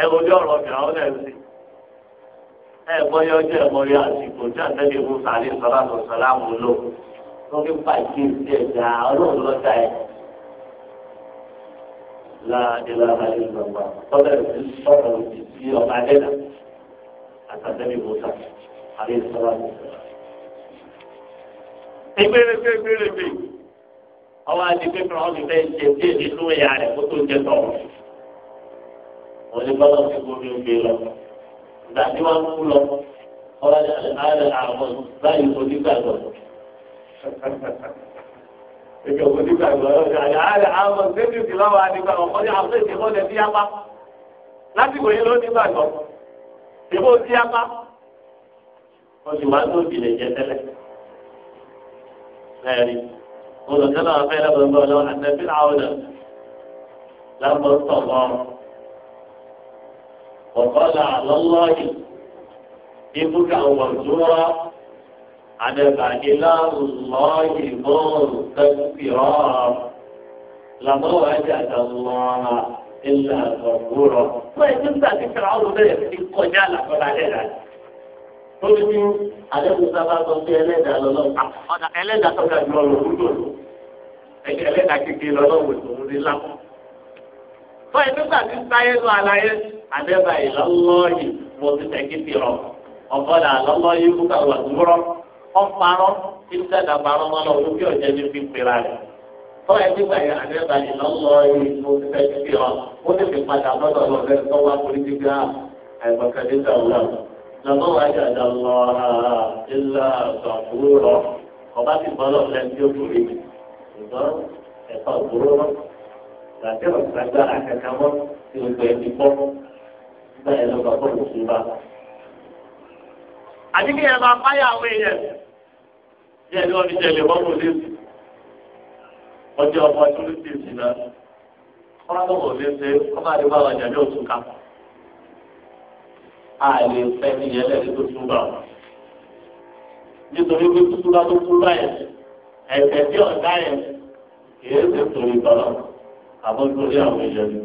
ẹ ojú ọ̀rọ̀ mìíràn ó lẹ̀ sí ẹ mọyé ọjọ́ ẹ mọyé àsìkò tí àtẹ́lẹ̀ ìwú sàlẹ̀ sọ́lá lọ sọ́lá mú lò tó fi pàṣẹ sí ẹ̀dá ọlọ́run lọ́jà ẹ̀ láàdínlá ayé gbàgbà tọ́lẹ̀ sí sọ̀rọ̀ òjì sí ọba dẹ́nà àtàtẹ́lẹ̀ ìwú sàlẹ̀ àlẹ́ sọ́lá lọ sọ́lá egbèrègbè egbèrègbè ọwọ́ adigun fún ọ́n ti fẹ́ ṣe bí nínú ìyá rẹ̀ kó tó jẹ tọ̀ wọ́n ní bọ́lá ti gbómi gbé lọ ìgbà tí wọ́n mú lọ ọwọ́ adigun àwọn báyìí onígbàgbọ́ ìjọ kò nígbà gbọ́dọ̀ àyà àyà àwọn ṣẹ́bí ti lọ́wọ́ àdìgbà ọ̀pọ̀ ní àwọn ṣèṣe kọ́ lẹ́bí yapa lásìkò yìí ló nígbà gbọ́ ìbò sí yapa wọ́n ti wá tó ìbílẹ̀ jẹ tẹ́lẹ̀ ẹ̀rí olùkọ́ náà fẹ́ lọ́gbọ̀ngbọ̀ lọ àtẹ̀bí làwọn ọ̀dọ̀ lábọ̀ tọ̀gbọ̀ ọ̀kọ́lá lọ́lọ́yìn ibú káwọn jùlọ àdẹ̀bàdì lọ́lọ́yìn bọ́ọ̀lù tẹ́kùkìrọ́ làbọ̀wájà tàwọn ilà àgbọ̀gbọ̀ rọ̀. wọ́n ti ń gbà kí fẹ́ràn ọ̀rọ̀ bẹ̀rẹ̀ sí kọjá làkọ́lá ó ní bí àdéhùn sábà sọ pé ẹlẹ́dàá lọ́lọ́ ọ̀dà ẹlẹ́dàá tó ga jùlọ lò wúlò ẹ̀jẹ̀ ẹlẹ́dàá kékeré lọ́lọ́ wò tó ń rí lápò. fún ẹni nígbà tí sáyé lọ àlàyé àdébà ìlọ́lọ́yìn mo ti tẹ̀kí ti rọ ọ̀gọ́dà lọ́lọ́yìn kúkà wà dúró ọ̀parọ́ tí ń dàgbà parọ́ mọ́ lọ́wọ́ bí ọ̀jẹ̀ ní fi pera rẹ̀. fún ẹni nígbà yẹn àdébà ìlọ́lọ́yìn lọ́mọ wa jẹ́ àdàlọ́ ilá àgbàkúrò ọba ti bọ́ lọ́sẹ̀ tí ó kúrè mi ṣùgbọ́n ẹ̀ka òkúrò rọ gàdé ọ̀sàgbà akẹ́kẹ́ mọ́ tí o gbẹ ti pọ́ nígbà yẹn lọ́gbà pọ̀ kò sí bá. àti kí ẹ máa fáyà àwọn lé sí ọmọ tó lè ṣe òtún ká a lè fẹ́ ní yẹn lẹ́yìn tó tún bá wọn. nítorí pé tuntun bá tó tún báyẹn ẹ̀fẹ̀ tí ọ̀dá yẹn kìí ṣe torí tọ́lọ̀ àbọ̀ torí àwọn èèyàn ni.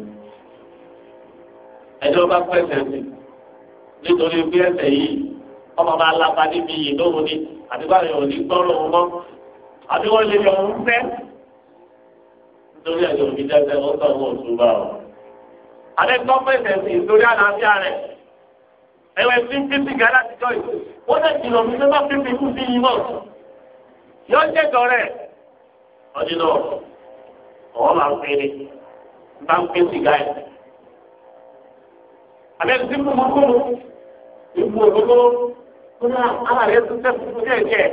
ẹjọ́ bá pẹ́ sẹ́sì nítorí pé ẹsẹ̀ yìí ọmọ máa lápá níbi yìí lóhun ni àti báyọ̀ ò ní gbọ́rọ̀ òun mọ́ àbí wọ́n lè yọ òun fẹ́ nítorí ẹ̀jọ̀ òbí dẹ́sẹ̀ ó sọ fún òtún bá wọn. àdẹ́gbọ́n pẹ̀sẹ̀ sí nítorí àlàáfíà rẹ̀ ẹ̀wẹ̀ fífífí gà láti jọ yìí ó lè jìnnà mi lọ́wọ́ fífi kú sí yìí mọ́ yọ jẹ́ tọrẹ ọdún náà ọ̀hún máa ń péré bá ń pín sìgá yìí àbẹ̀ tí mo mọ kó ìbú òdodo tó náà ara rẹ̀ tún tẹ̀ fún díẹ̀ díẹ̀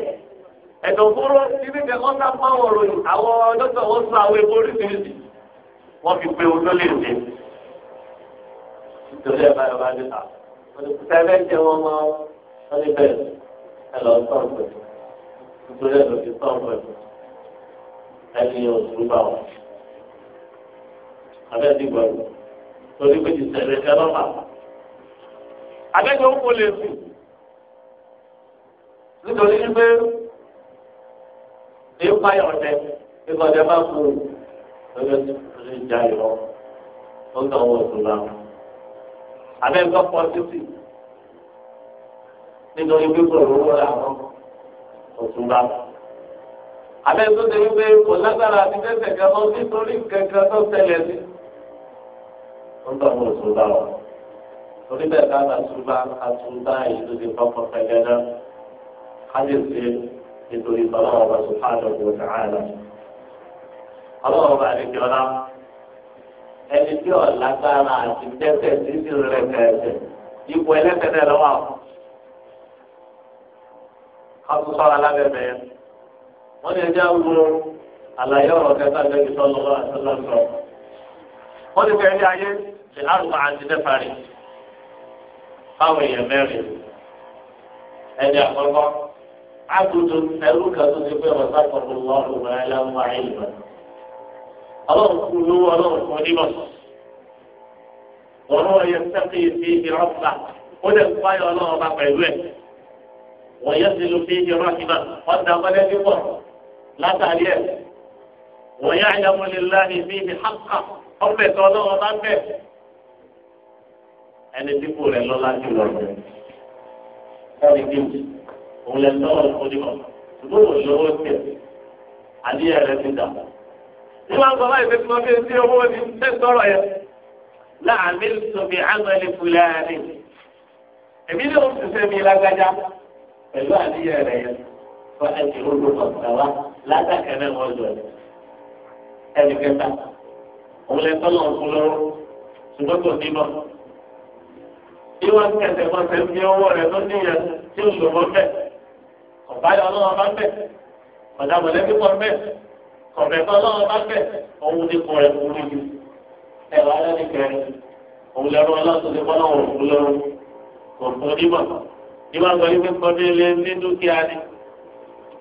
ẹ̀dọ̀ fóró ibi tẹ̀ ọ́ sá fún àwọn òròyìn àwọn ọlọ́sọ̀ wọ́n sọ àwọn epo oríṣiríṣi wọ́n fi pé ojú lè dé nítorí ẹ̀ bá yọ bá dé ta olùkúta ẹlẹ́jẹ wọn máa ń ní bẹ́ẹ̀ ẹ lọ sọ̀rọ̀ pẹ̀lú nítorí ẹ̀ fi sọ̀rọ̀ pẹ̀lú ẹni òṣèlú bá wọn. abẹ́ ti torí pé ti tẹ̀lé ẹ lọ́mà. abẹ́jọ́ ń kó lè sùn nítorí wípé èyí ń báyọ̀ ọ̀tẹ̀ nígbà máa ń kú ọjọ́ ìjà ìrọ̀ ó ń tàn wọ́n òṣèlú àwọn abẹ́gbẹ́ pọ̀ títì nítorí pípọ̀ lówó làwọn òtúnba. abẹ́gbẹ́ tó wípé kò lágbára àti tẹ́sẹ̀ kan lọ nítorí kankan tó tẹ̀lẹ̀ sí. ó ń tọ́ mú òtúnba wọ̀ torí bẹ́ẹ̀ ká àtúbá àtúbá yìí tó ti fọ́pọ̀ pẹ̀lẹ́ náà ká lè ṣe nítorí tọ́lá ọ̀bà sùpáàdọ̀ kò tàn án lọ. ọlọ́run bá a lè jọ náà. ẹni tí ọ̀làgbára àti tẹ́tẹ́ títí rẹ̀ tẹ̀sẹ̀ ipò ẹlẹ́tẹ̀ náà lọ́wọ́ àwọn. kátó sọ́ra lábẹ́bẹ̀ yẹn. wọ́n ní ẹjẹ́ wo àlàyé ọ̀rọ̀ kẹta lẹ́yìn tó lọ́wọ́ àtúntò sọ. wọ́n ní kẹ́hìn ayé ṣe àrùbá àti nẹ́fàrí. báwo èèyàn mẹ́rin ẹni àkọ́kọ́ ẹrú kan tó ti pé ọ̀sán kọ̀ọ̀kan ọlọ́run kú lówó ọlọ́run kú onímọ̀. wọ́n wọ́n yẹ sẹ́kì fi ìrọ́pà ó lè fáyọ̀ ọlọ́run bá pẹ̀lú ẹ̀. wọ́n yẹ ti lu fi ìrọ́pà wọ́n dà mọ́lẹ́ pípọ̀ látàrí ẹ̀. wọ́n yá àyàmú lílá ní fi ìhàkà ọ̀pẹ̀ tó ọlọ́run bá bẹ̀. ẹni dípò rẹ̀ lọ́lá jù lọ ẹni kejì òun lẹ sọ́wọ́ onímọ̀ ṣùgbọ́n òṣèlú ó tẹ̀ ti dàgbà tí wọ́n ń sọ báyìí pé kí wọ́n fi ń sí owó ni ṣé sọ̀rọ̀ yẹn. láàmì tóbi àgbẹ̀lẹ̀ fúlàní. èmi ní oṣù sẹ́mi lágbájá pẹ̀lú àníyàn rẹ̀ yẹn fún ẹ̀jẹ̀ olóko ọ̀tàwá látàkẹ́rẹ́ wọn lọ ẹnì kẹta òun lè tọ́lọ̀ ọ̀fun lọ́wọ́ ṣùgbọ́n kò ní mọ́ bí wọ́n kẹsẹ̀ wọn ṣe fi owó rẹ̀ tó níyẹn tí ò lò ọ̀bá yọ ọlọ́wọ́ bá bẹ̀ ọ̀dà mọ̀lẹ́bí wọn ọ̀bẹ tó ọlọ́run bá fẹ́ òun ti kọ rẹ̀ kúrú ju ẹ̀rọ alẹ́ kẹrin òun lẹ́rọ ọlọ́run ti bọ́lá òun fún lọ́run kò fún onímọ̀ nígbà tó yẹ kó dé lé ní dúkìá ni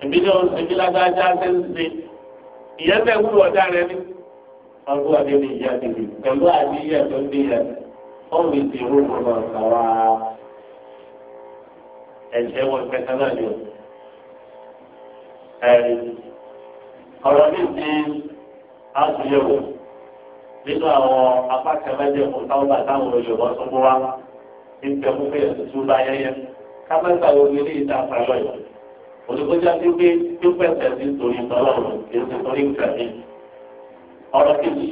ìbílẹ̀ òsèbí lágbájá ṣe ń ṣe ìyẹn bẹ́ẹ̀ wúlò ọ̀dá rẹ ní ọdún àdéhùn ìyá bèbè pẹ̀lú àdéhùn tó ń bí yẹn ọ̀hún ìdí rúbọ̀ náà sáwà ẹ̀jẹ̀ wọn kẹta ọ̀rọ̀ ní ti àtúnyẹ̀wò nínú àwọn apákẹ́mẹ́jẹ̀ fún táwọn táwọn olùyọ̀bọ̀ tó mú wá ní tẹ̀kúfẹ́ tuntun bá yẹyẹ kámẹ́ta omi ní ìta àpàlọ́ yìí olùkọ́jà ti gbé tó pẹ̀sẹ̀ sí torí tọ́lọ́run kì í ṣe torí nkàmí ọ̀rọ̀ kejì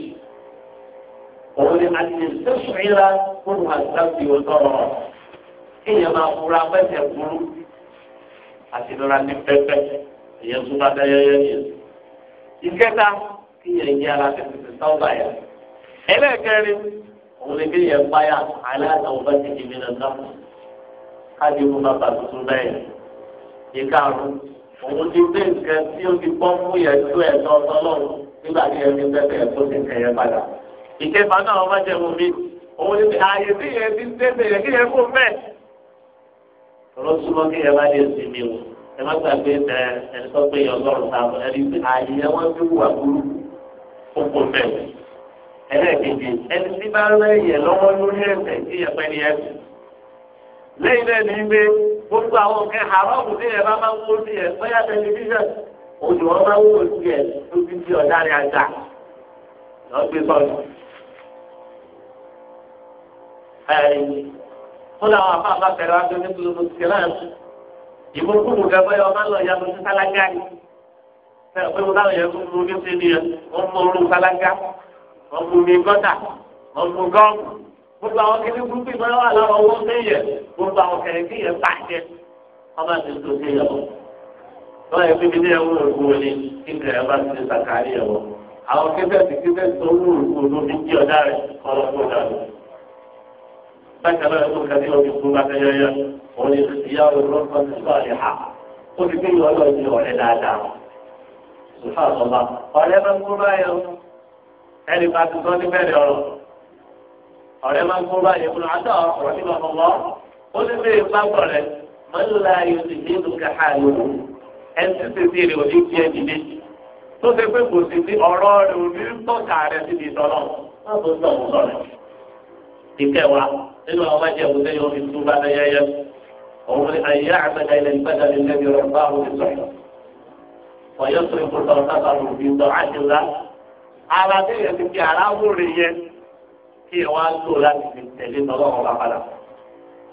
òun ni àtìlẹ́sẹ̀sùn ìlà fún àtàkì òtọ́rọ̀ kéèyàn máa fura pẹ̀sẹ̀ burú àti lọ́ra ní pẹ́pẹ́ ìyẹn tún bá dá yẹn ìkẹta kí yẹn yẹ ara tẹsí sọ́ọ̀bà yẹn ẹlẹ́ẹ̀kẹrin òun lè kéèyàn páyà aláàtàwọn bá ti di mìíràn náà káàdì ìlú bàbá tuntun bẹ́ẹ̀ ìkarùn òun ti gbé nǹkan tí ó ti pọ́n fún yẹn tó ẹ̀tọ́ ọlọ́run nígbà tí yẹn ti bẹ́ẹ̀ bẹ́ẹ̀ tó ti kẹ̀yẹ padà ìkẹfà náà wọ́n bá jẹ́ wọn mi òun ni ààyè tí yẹn ti ń tẹ́lẹ̀ kí yẹn kó bẹ́ẹ̀ lọ́sùnmọ́ kí yẹn bá lè sinmi o ẹ má gbàgbé ẹ ẹni tó gbé yọ lọ́rùn ta ẹni tí ààyè yẹn wọ́n ti wà burú kókó mẹ́ ẹlẹ́ẹ̀kejì ẹni tí bá lẹ́yìn lọ́wọ́ lórí ẹ̀sẹ̀ tí yẹ pẹ́ ní ẹ̀sẹ̀ lẹ́yìn náà ní pé gbogbo àwọn nǹkan àrọ́ọ̀mù tí yẹ bá máa ń wó sí ẹ̀ bóyá tẹlifíṣàn òjò wọn máa wó sí ẹ̀ lóbi tí ọ̀daràn àgbà lọ́gbé sọ́ọ̀nù ẹ̀ẹ́dì fúnra àwọn afáàfáà kẹrẹ wá gbé ní kúlómù kẹrẹ ìmúkúmù gẹ́gẹ́ bọ́yọ̀ ọmọ lọ yàgò sí sálágá ni pé mo táwọn yẹn kúkú ní sí ni wọ́n mú orú sálágá wọ́n mú mi gọ́tà wọ́n mú gọ́ọ̀mù gbogbo àwọn kẹ́kẹ́ gbogbo ìgbọ́dọ̀ wà lọ́wọ́ owó séyẹ gbogbo àwọn kẹ́kẹ́ yẹn pàṣẹ ọmọ àti tó séyẹ wọ. lọ́wọ́ yẹn fífi ní ẹ̀wọ̀n òkú ni kíkẹ́ ẹ̀ ti sàkárí ẹ̀wọ̀ àwọn kẹ́kẹ́ ti kíkẹ́ tó ń mú òkú ló fi ọ̀dà rẹ̀ kọ́ bákan náà ẹ̀kọ́ kan tí wọ́n ti kú bákan yẹyẹ òun ni ìyá olùrọ́pọ̀ ti sọ àyè ha ó ti gbé ìwọ́n lọ sí ọ̀rẹ́ dáadáa sùfà sọ́ba ọ̀rẹ́ máa ń kú báyọ̀ ẹnì bá ti sọ ní bẹ́ẹ̀ ọ̀rọ̀ ọ̀rẹ́ máa ń kú báyọ̀ ìbùnú àtọ̀ ọ̀rọ̀ ní bàbá mọ́ ó ní bẹ́ẹ̀ bá bọ̀ rẹ̀ mọ́lá yóò ti dé lóka ha lóru ẹ̀sìn ti ti rè òní nínú àwọn májẹ̀ ọ̀hún sẹ́yìn omi tó bá lẹ́yẹyẹ òun ni àyè àgbẹ̀dẹ ilẹ̀ ìgbẹ́dẹ ní lẹ́bi rẹ̀ bá òun sọ̀rọ̀ ọ̀yọ́ tó ń kótó ọ̀tá ta ló fi ń tọ́ àjẹlá ara tí yẹn ti fi ara wúre yẹ kí ẹ wá lò láti fi tẹ̀lé tọ́lọ́wọ́ bá padà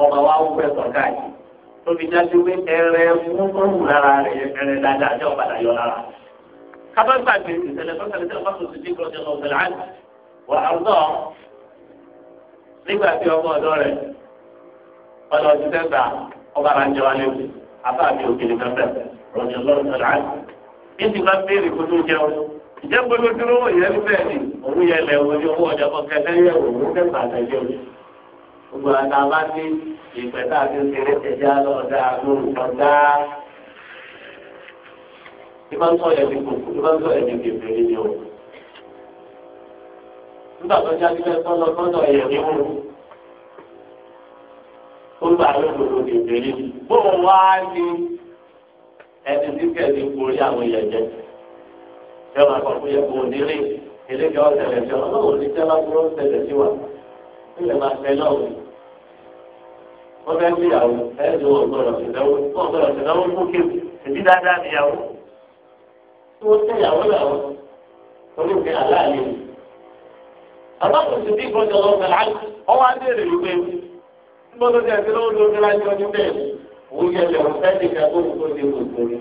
ọmọ wa wú fẹ́ sọ káàkiri tóbi dájú pé ẹrẹ mú tó wù lára rẹ̀ ẹrẹ dáadáa jẹ́ ọ̀padà yọ lára kábàgbà gbèsè tẹlifásitì tẹlifásitì nígbà tí ọmọ ọ̀dọ́ rẹ̀ ọlọ́ ti tẹ́gbà ọba ara jẹ wa léwu afá mi ò kiri mẹ́fẹ́ rọ̀jò lọ́rùn sọ̀rọ̀ àyè. bí ti máa ń béèrè kó tó jẹun gbogbo dúró ìyẹn ní ni òun yẹ owó ọjà kan yẹ wò ó o. gbogbo àti àbá ní ìbá ń sọ ìbá ń sọ nígbà tó já sí fẹ́ sọ́nà sọ́nà ẹ̀yẹ̀ ní wò ó gbà ló lòlò ní ìbéèrè bó wá ní ẹni tí kẹ́ni borí àwọn èèyàn jẹ ẹ máa kọ́ fún yẹ kó nílé eléyìí ọ̀sẹ̀lẹ̀ sí ọ lọ́wọ́ ní tẹ́lá kúrò ṣẹlẹ̀ sí wa nílẹ̀ máa fẹ́ náà wò wọ́n fẹ́ fi ìyàwó ẹ̀ẹ́dì wọn gbọ́dọ̀ ṣèdáwó wọn gbọ́dọ̀ ṣèdáwó fún kéwì èmi dáadáa níyàwó tí wọ́n tẹ́ ìyàwó làwọn oníkẹ́ àlàyé yìí àbákùn sí bí ìgbọ́njọ lọ fẹ̀lá ọwọ́ adéèrè wípé gbọ́dọ̀ tẹ̀ sí lọ́wọ́ tó fẹ́lá jọ ní bẹ́ẹ̀ òun yẹ lẹ̀ ọ̀hún fẹ́ẹ́ nìkan tó kó ṣe kò tó ní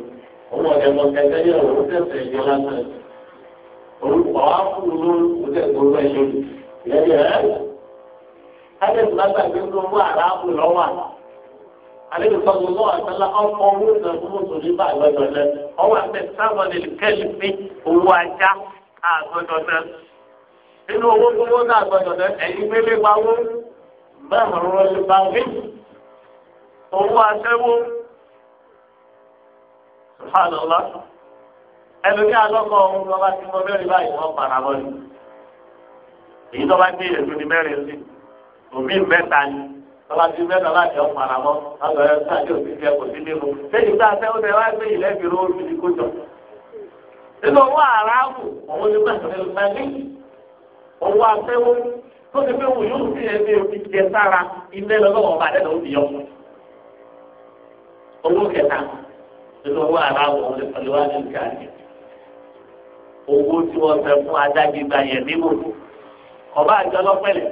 ọmọ ọ̀dẹ̀ mọ̀ kẹsẹ̀ yẹ òun tẹ̀sẹ̀ yẹ lásán òun pa wá fún un lórí òun tẹ̀ tó fẹ́ yẹ yẹ yẹ ẹ́ adéèrè lásán gbé tó wà láàbù lọ́wọ́ àlejò sọ̀rọ̀ lọ́wọ́ àtàlà ọkọ̀ owó ìtàn fún mùsùlùmí bá àgbẹ̀dọ̀ náà ọwọ́ àti sáwọn nínú owó tó wọ́n náà gbọ́dọ̀ lẹ ẹ̀yin gbélé wa wó bẹ́ẹ̀ rọ ìgbà wí owó aṣẹ́wó sùhánàlá ẹnu ní alọ́kọ̀ ọ̀hún lọ́ba tí mo mẹ́rin báyìí wọ́n para bọ́lú èyí tó bá gbé èso ní mẹ́rin sí òbí mẹ́ta ni tọ́lá ti mẹ́ta láti ọ̀ para bọ́ lọ́dọ̀ ẹ̀ sáájú òbí jẹ kò sí nínú lẹ́yìn tó aṣẹ́wó tẹ wá gbé ìlẹ́gbẹ̀rún omi ní kó jọ nínú owó àràbù òun ni mẹ́rin ọwọ́ afẹ́wọ́ tó ti fẹ́ wò yóò fi ẹgbẹ́ omi jẹ sára ilé lọ́wọ́ ọba àdẹ́nà òbí yọ. owó kẹta nínú owó ara wọn lè pẹ̀lú wá nínú káàdì. owó tí wọ́n fẹ́ fún adágbégbá yẹn níwò ọba àjọ lọ́pẹ̀lẹ̀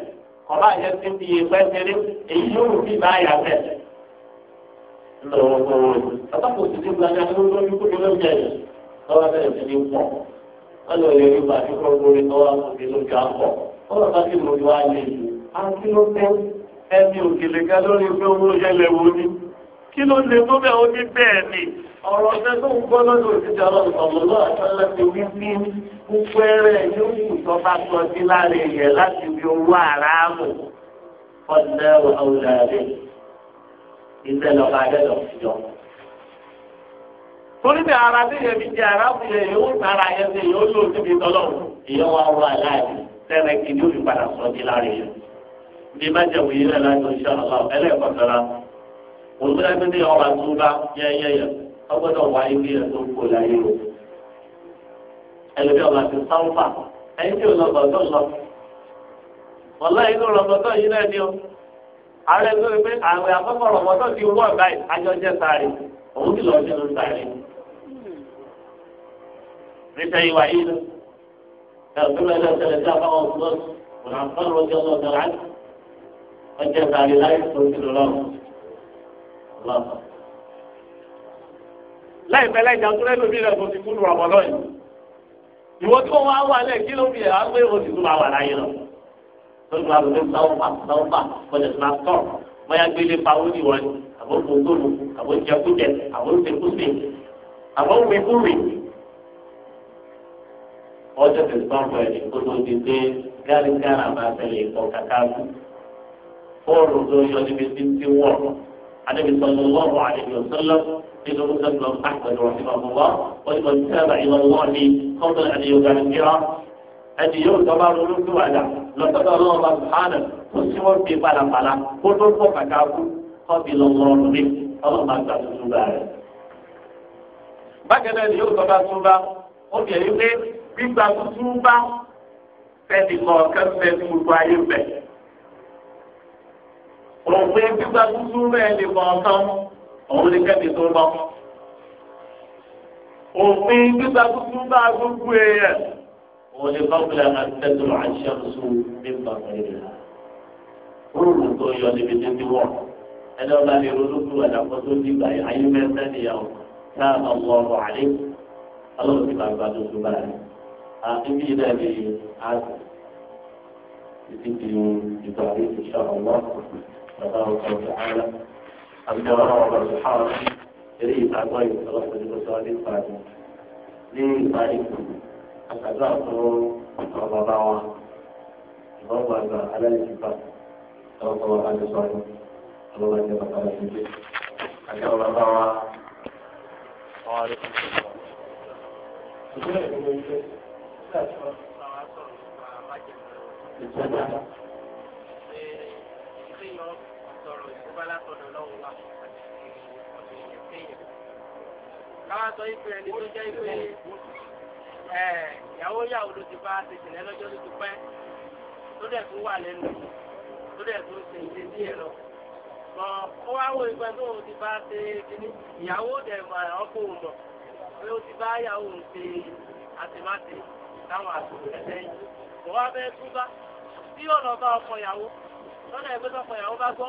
ọba àjọ ti fi iye pẹ́ẹ́sẹ̀rẹ́ èyí yóò fi bá yà fẹ́. ọba kò sì ti gbàgbé àti lórí kó lórí ẹ̀yẹ lọ́wọ́ ọlọ́ yẹ yorùbá tí kò gbórí lọ́wọ́ àkókò lójú àpọ̀ ọlọ́ bá ti mú wá lè jù á kí ló tẹ́ ẹni òkèlè ga lórí pé owó yẹlẹ̀ wo ni kí ló lè tó bẹ́ẹ̀ ó ní bẹ́ẹ̀ ni ọ̀rọ̀ ọ̀sẹ̀ tó ń gbọ́ lọ́dọ̀ òṣìṣẹ́ ọlọ́run lọ́wọ́ àtọ́lá ti wí sí gbogbo ẹrẹ̀ yóò kù tó bá sọ sí láre yẹ láti fi owó àràmù ọ̀dẹ́ òhàwùdà rẹ̀ ìṣẹ̀lẹ̀ ọ̀gá torí bí ara bí yẹn fi jẹ ara bí yẹn yóò tara yẹn fi yóò yóò síbi tọ́lọ̀ èèyàn wa wọ aláàbí tẹ́lẹ̀ kí ni ó fi padà sọ di láre yẹn. bí má jẹ wòye náà láti oṣù ọlọ ẹlẹ́kọ̀ọ́sọ́ra olùdókòtò ọba tó bá yẹ́yẹ́yẹ́ ọgbọ́dọ̀ wá ibi yẹn tó kó láyé o. ẹlòmíọ̀ bá ti sáwùfà ẹni tí olùdókòtò tó lọ. wọ́lá inú rọ̀mọ́tò yìí náà ni ó. ààrẹ tó rí pé ààrẹ àkọ́kọ́ rọ̀mọ́tò ti wọ̀ báyìí òun ti lọ sí ló ń sáré níta ìwà yìí lọ ẹgbẹ́ ẹgbẹ́ ṣẹlẹ̀ sí àbáwọn ọ̀gbọ́n ọ̀nà àfọ́n lọ́jọ́ lọ́jọ́ láti ọjọ́ sáré láì tó ti lọ lọ́wọ́. láì fẹ́ láì jà kúrẹ́ lómi rẹ̀ kò ti kúrò ọ̀bọ̀ náà yìí ìwọ tí wọ́n wá wà lẹ́ kí ló fi ẹ̀ á pé o sì tún máa wà láyé lọ lọ́dún àbúrò sáwọ́pà sáwọ́pà kọjá sí máa tọ̀ bóyá ni àbúrò tó tó lò fún àwọn jẹkújẹ àwọn ìfẹkùsẹ àwọn wíwúwì ọjọ́ tẹsán fún ẹni kó tó di pé gárígárà máa tẹlẹ ìtọ kàkà kú fóònù tó yọ níbi tí ń ti wọ àdébí sọlọ lọrọ àdébí ọsọlọ nínú mùsùlùmí àgbẹ̀dọ̀ ọ̀sìmọ̀mọ́wá ọ̀sìmọ̀ sábà ìwọ̀nwọ́ ni kọ́ńtà àdéyọ̀ gàrígárà ẹni yóò tọ́ bá ronú tó wà dà lọ́sọ̀tọ̀ ọlọ́run bá sùn hánà kó síwọ́n fi balabala kó tó kọ́ kàkà kú kọ́ bí lọ́wọ́ rẹ̀ ọlọ́run máa gbà tuntun bá rẹ̀. bákan náà ni yóò tọ́ bá tún bá ó fi èyí pé gbígbà tuntun bá fẹ́ẹ̀ni kọ̀ọ̀kan fẹ́ẹ́ ní gbogbo ayé bẹ̀. òwe gbígbà tuntun bẹ́ẹ̀ ni kọ̀ọ̀kan òun ni kẹ́ni tó bọ́. òfin gbígbà tuntun bá gbogbo èèyàn òun ni kọ́kùnrin àtẹ́tùrọ̀ àṣẹ àṣọ nípa ìrìnà. rúùlù tó yọ níbi títí wọ̀ ẹni ọba lè ronúkú àdàpọ̀ tó dìgbà ayé mẹ́ta nìyàwó náà ọmọ ọrọ̀ àlẹ́ ọlọ́run ti bàbá tó tó bá rẹ̀ àbíbí náà lè àgbà títí di ìgbà rí ìṣọ́ ọmọ bàbá ọkọ̀ ọ̀gá ara àbíjọ ọlọ́run ọba tó hàn án eré ìtàgbọ́ ìtọ́lọ́pọ̀ tó sọ ní ìpàdé ní ìpàdé àtàdúrà fún àwọn bàbá wa ìbọn gbàgbà alẹ́ ìfipá ọkọ̀ àdìsọ́nù ọlọ́wọ́ ẹni bàbá rẹ̀ nílé àti àwọn bàbá wa. ìpínlẹ̀ èkó ló ń gbé ìjọba. káwá sọ ife ẹni tó jẹ́ ife ìyàwó yàwó ló ti bá ti tẹ̀lé lọ́jọ́ tó ti pẹ́ tó dẹ̀ tún wà lẹ́nu tó dẹ̀ tún ṣe ìdí díẹ̀ lọ ó wá wo ìgbẹ́ tó ti bá ṣe kínní ìyàwó dẹ̀ mọ̀ ọkọ̀ òun mọ̀ pé ó ti bá ìyàwó òun ṣe àtìmáṣe táwọn àtúntò ẹ̀sẹ̀ yìí mo wá fẹ́ kú bá tí ọ̀nà bá ọkọ̀ ìyàwó lọ́dọ̀ ẹgbẹ́ tọkọ̀ ìyàwó bá gbọ́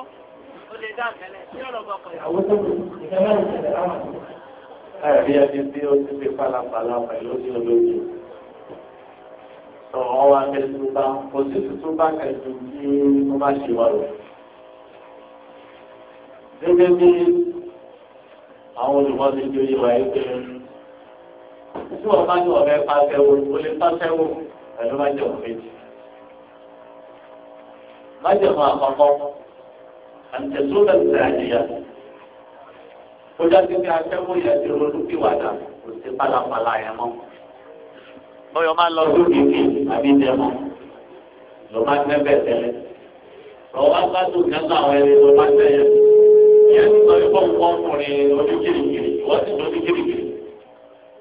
ó lè dá àtẹ́lẹ̀ tí ọ̀nà bá ọkọ̀ ìyàwó. Ẹ̀rí ẹni tí ó ti fi pálapàla pẹ̀lú ní olóògbé. Sọ̀rọ̀ wá fẹ́ túbá, kò sí túbá kẹ́jú kí ó má ṣe wà lọ gẹ́gẹ́ bí àwọn olùmọ̀ọ́sí tó yé wa yìí pé tí wọ́n bá ní ọ̀rẹ́ pàṣẹwò o lè pàṣẹwò pẹ̀lú májèmọ̀ méjì. májèmọ̀ àkọ́kọ́ àtẹ̀sọ́ bẹ̀rẹ̀ sí àyíyá ó dájú pé aṣẹ́wó yẹn ti ronú pìwàdà kò sí pálapàla yẹn mọ́. bọ́yọ̀ máa lọ sókè kí àbí dẹ́mọ̀ ló máa tẹ́ bẹ́ẹ̀ tẹ́lẹ̀. ọ̀wá gbádùn kẹ́kọ̀ọ́ àwọn ẹni ló máa tẹ́ yẹn yẹn sọ ìbọn wọn kùnrin ojú kirikiri wọ́n sì dojú kirikiri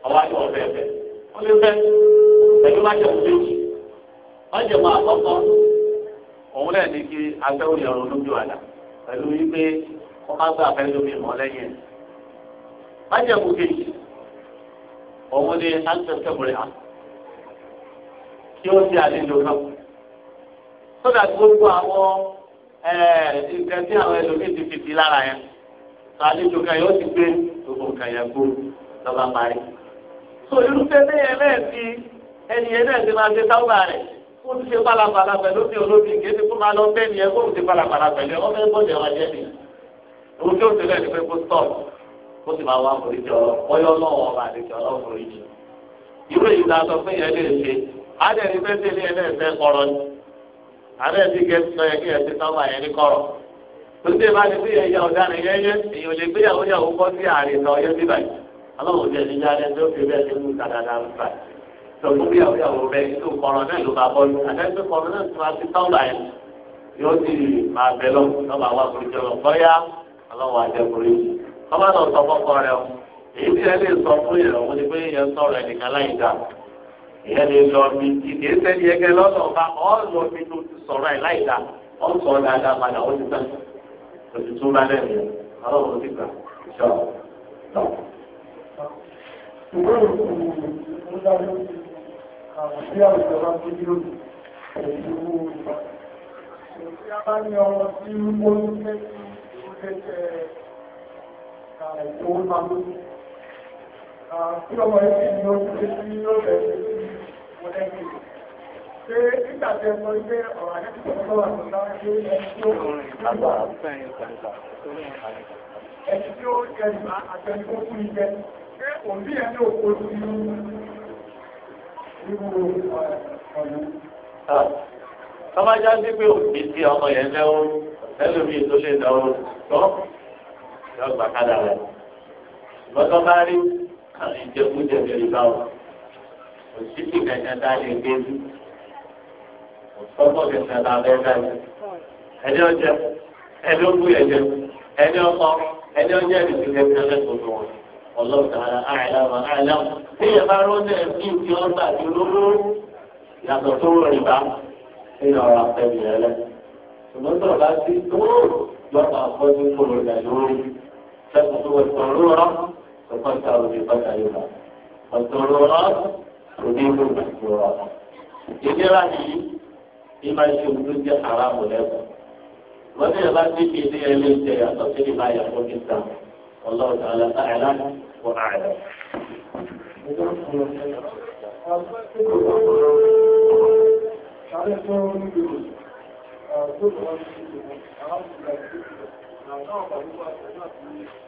ọwọ́ àti ọ̀fẹ́ fẹ́ ó lè fẹ́ pẹ̀lú májẹ̀mú méjì májẹ̀mú àkọ́kọ́ òun náà ní kí agbẹ́wò yọrọ lójú àlà pẹ̀lú wípé wọ́n má gbà fẹ́ lómi mọ́ lẹ́yìn ẹ̀ májẹ̀mú kejì òun ní ancestor àná kí ó ti àlejò náà sódà gbogbo àwọn nǹkan tí àwọn ẹlòmíì ti fìdí lára yẹn tó àlejò kan yóò ti gbé gbogbo nǹkan yẹn gbó lọ́ba parí. so irúfẹ́ lẹ́yìn ẹlẹ́ẹ̀tì ẹni yẹn náà ti máa ṣe táwọn rẹ̀ ó ti ṣe balabala pẹ̀lú bí olóbi kéde kó máa lọ bẹ́ẹ̀ ni ẹ kó ti balabala pẹ̀lú ẹ ọmọ ẹgbọ́n ìjọba jẹ́ mi. òun tí ó ti lẹ́yìn pé kó stọ̀ kó ti máa wá foríjì ọ̀rọ̀ ọyọ́ lọ́wọ́ ọba àdéjọ ọlọ́wọ́ foríjì. irú èyí ta sọ fún yẹn lè ṣe á dẹ̀ ní fẹ́ àbẹ́ ti gẹ sọ yẹ kí ẹ ti sábà yẹn ní kọ́rọ̀ tó dé bá ti fi ẹ̀yà ọ̀daràn yẹn yẹn èèyàn lè gbé yàwó yàwó kọ́ sí àárín lọ yẹn bíbà yìí aláwọ̀ òjò ẹ̀dí jáde tó fi bẹ́ẹ̀ ti mú dàdàdà rúbà tó fún yàwó yàwó bẹ́ẹ̀ tó kọ̀rọ̀ náà ló bá bọ́ lù àtẹ́sí kọ̀rọ̀ náà tún àti sáwùlà yẹn yóò ti máa bẹ lọ lọ́ba wa kò jọ lọ́yà aláwọ̀ àjẹkùnrin kọ́má lọ sọ fọ́kọ rẹ o èyí tí ẹ lè sọ fún yẹn òun ni pé yẹn sọ̀rọ̀ ẹnìkan láyìí dáa ìyẹn lè lọ mi ìdè sẹ́ni ẹgẹ lọ́nà ọba ọ̀ lọ mi tó ti sọ̀rọ̀ ẹ̀ láì dá ọ̀ sọ̀ dáadáa padà ó ti tán òtù tó bá lẹ́nu ọlọ́run ti gbà ṣọ́ lọ. ìwé ìròyìn ìmúdá lórí àwọn tí àwùjọ bá ń gbé lórí èyí wú ìgbà. Òṣìṣẹ́ a bá ní ọmọ tí ó ń gbóyún fẹ́ sí ìgbésẹ̀ ìfowópamọ́ tí ọmọ yìí ti ní oṣù tí ní lọ́sẹ̀ mo lẹ́yìn ṣé nígbà tí ọmọ ilé ọ̀rọ̀ àdẹ́kùn tó wà tó láwọn ilé ẹni tí ó ẹni tí ó jẹ ìgbà àtẹnukó fún ìjẹ ṣé òbí ẹni òkú sí irú ọ̀nà. Tọ́bájá sí pé òbí tí ọmọ yẹn lẹ́wọ́ ẹlòmíì tó lè náwó tọ́ yọ gbàkádà rẹ̀. Ìgbọ́tọ́ bá rí àwọn ìjẹkújẹ bẹ̀rẹ̀ báwò òṣìṣẹ́ kẹ̀kẹ́ tá a lè gbé bí òṣọ́gbọ́n kẹ̀kẹ́ tá a bẹ́ẹ̀ dá yìí ẹni ọjẹ ẹni ó gbúyẹ ẹni ọkọ ẹni ọjẹ ẹni tó kẹ̀kẹ́ lẹ́kọ̀ọ́ wọn ọlọ́ọ̀tà àìlá wọn tí yẹ bá rọ́ọ̀dẹ̀ yàtọ̀ tó ẹni ọ̀rọ̀ rẹ lẹ ṣùgbọ́n tó bá ti tó وفتروا بفترها والضرورات تذيب المحجورات ìdíra yìí ní máa ṣe ojú jẹ aráàmù lẹ́kọ̀ọ́ wọ́n ní ìlànà tí kì í ní ẹlẹ́ jẹ yàtọ̀ sí ìlà yàtọ̀ kíkà ọlọ́run àlàtà ẹ̀lá fún ààrẹ. Thank you.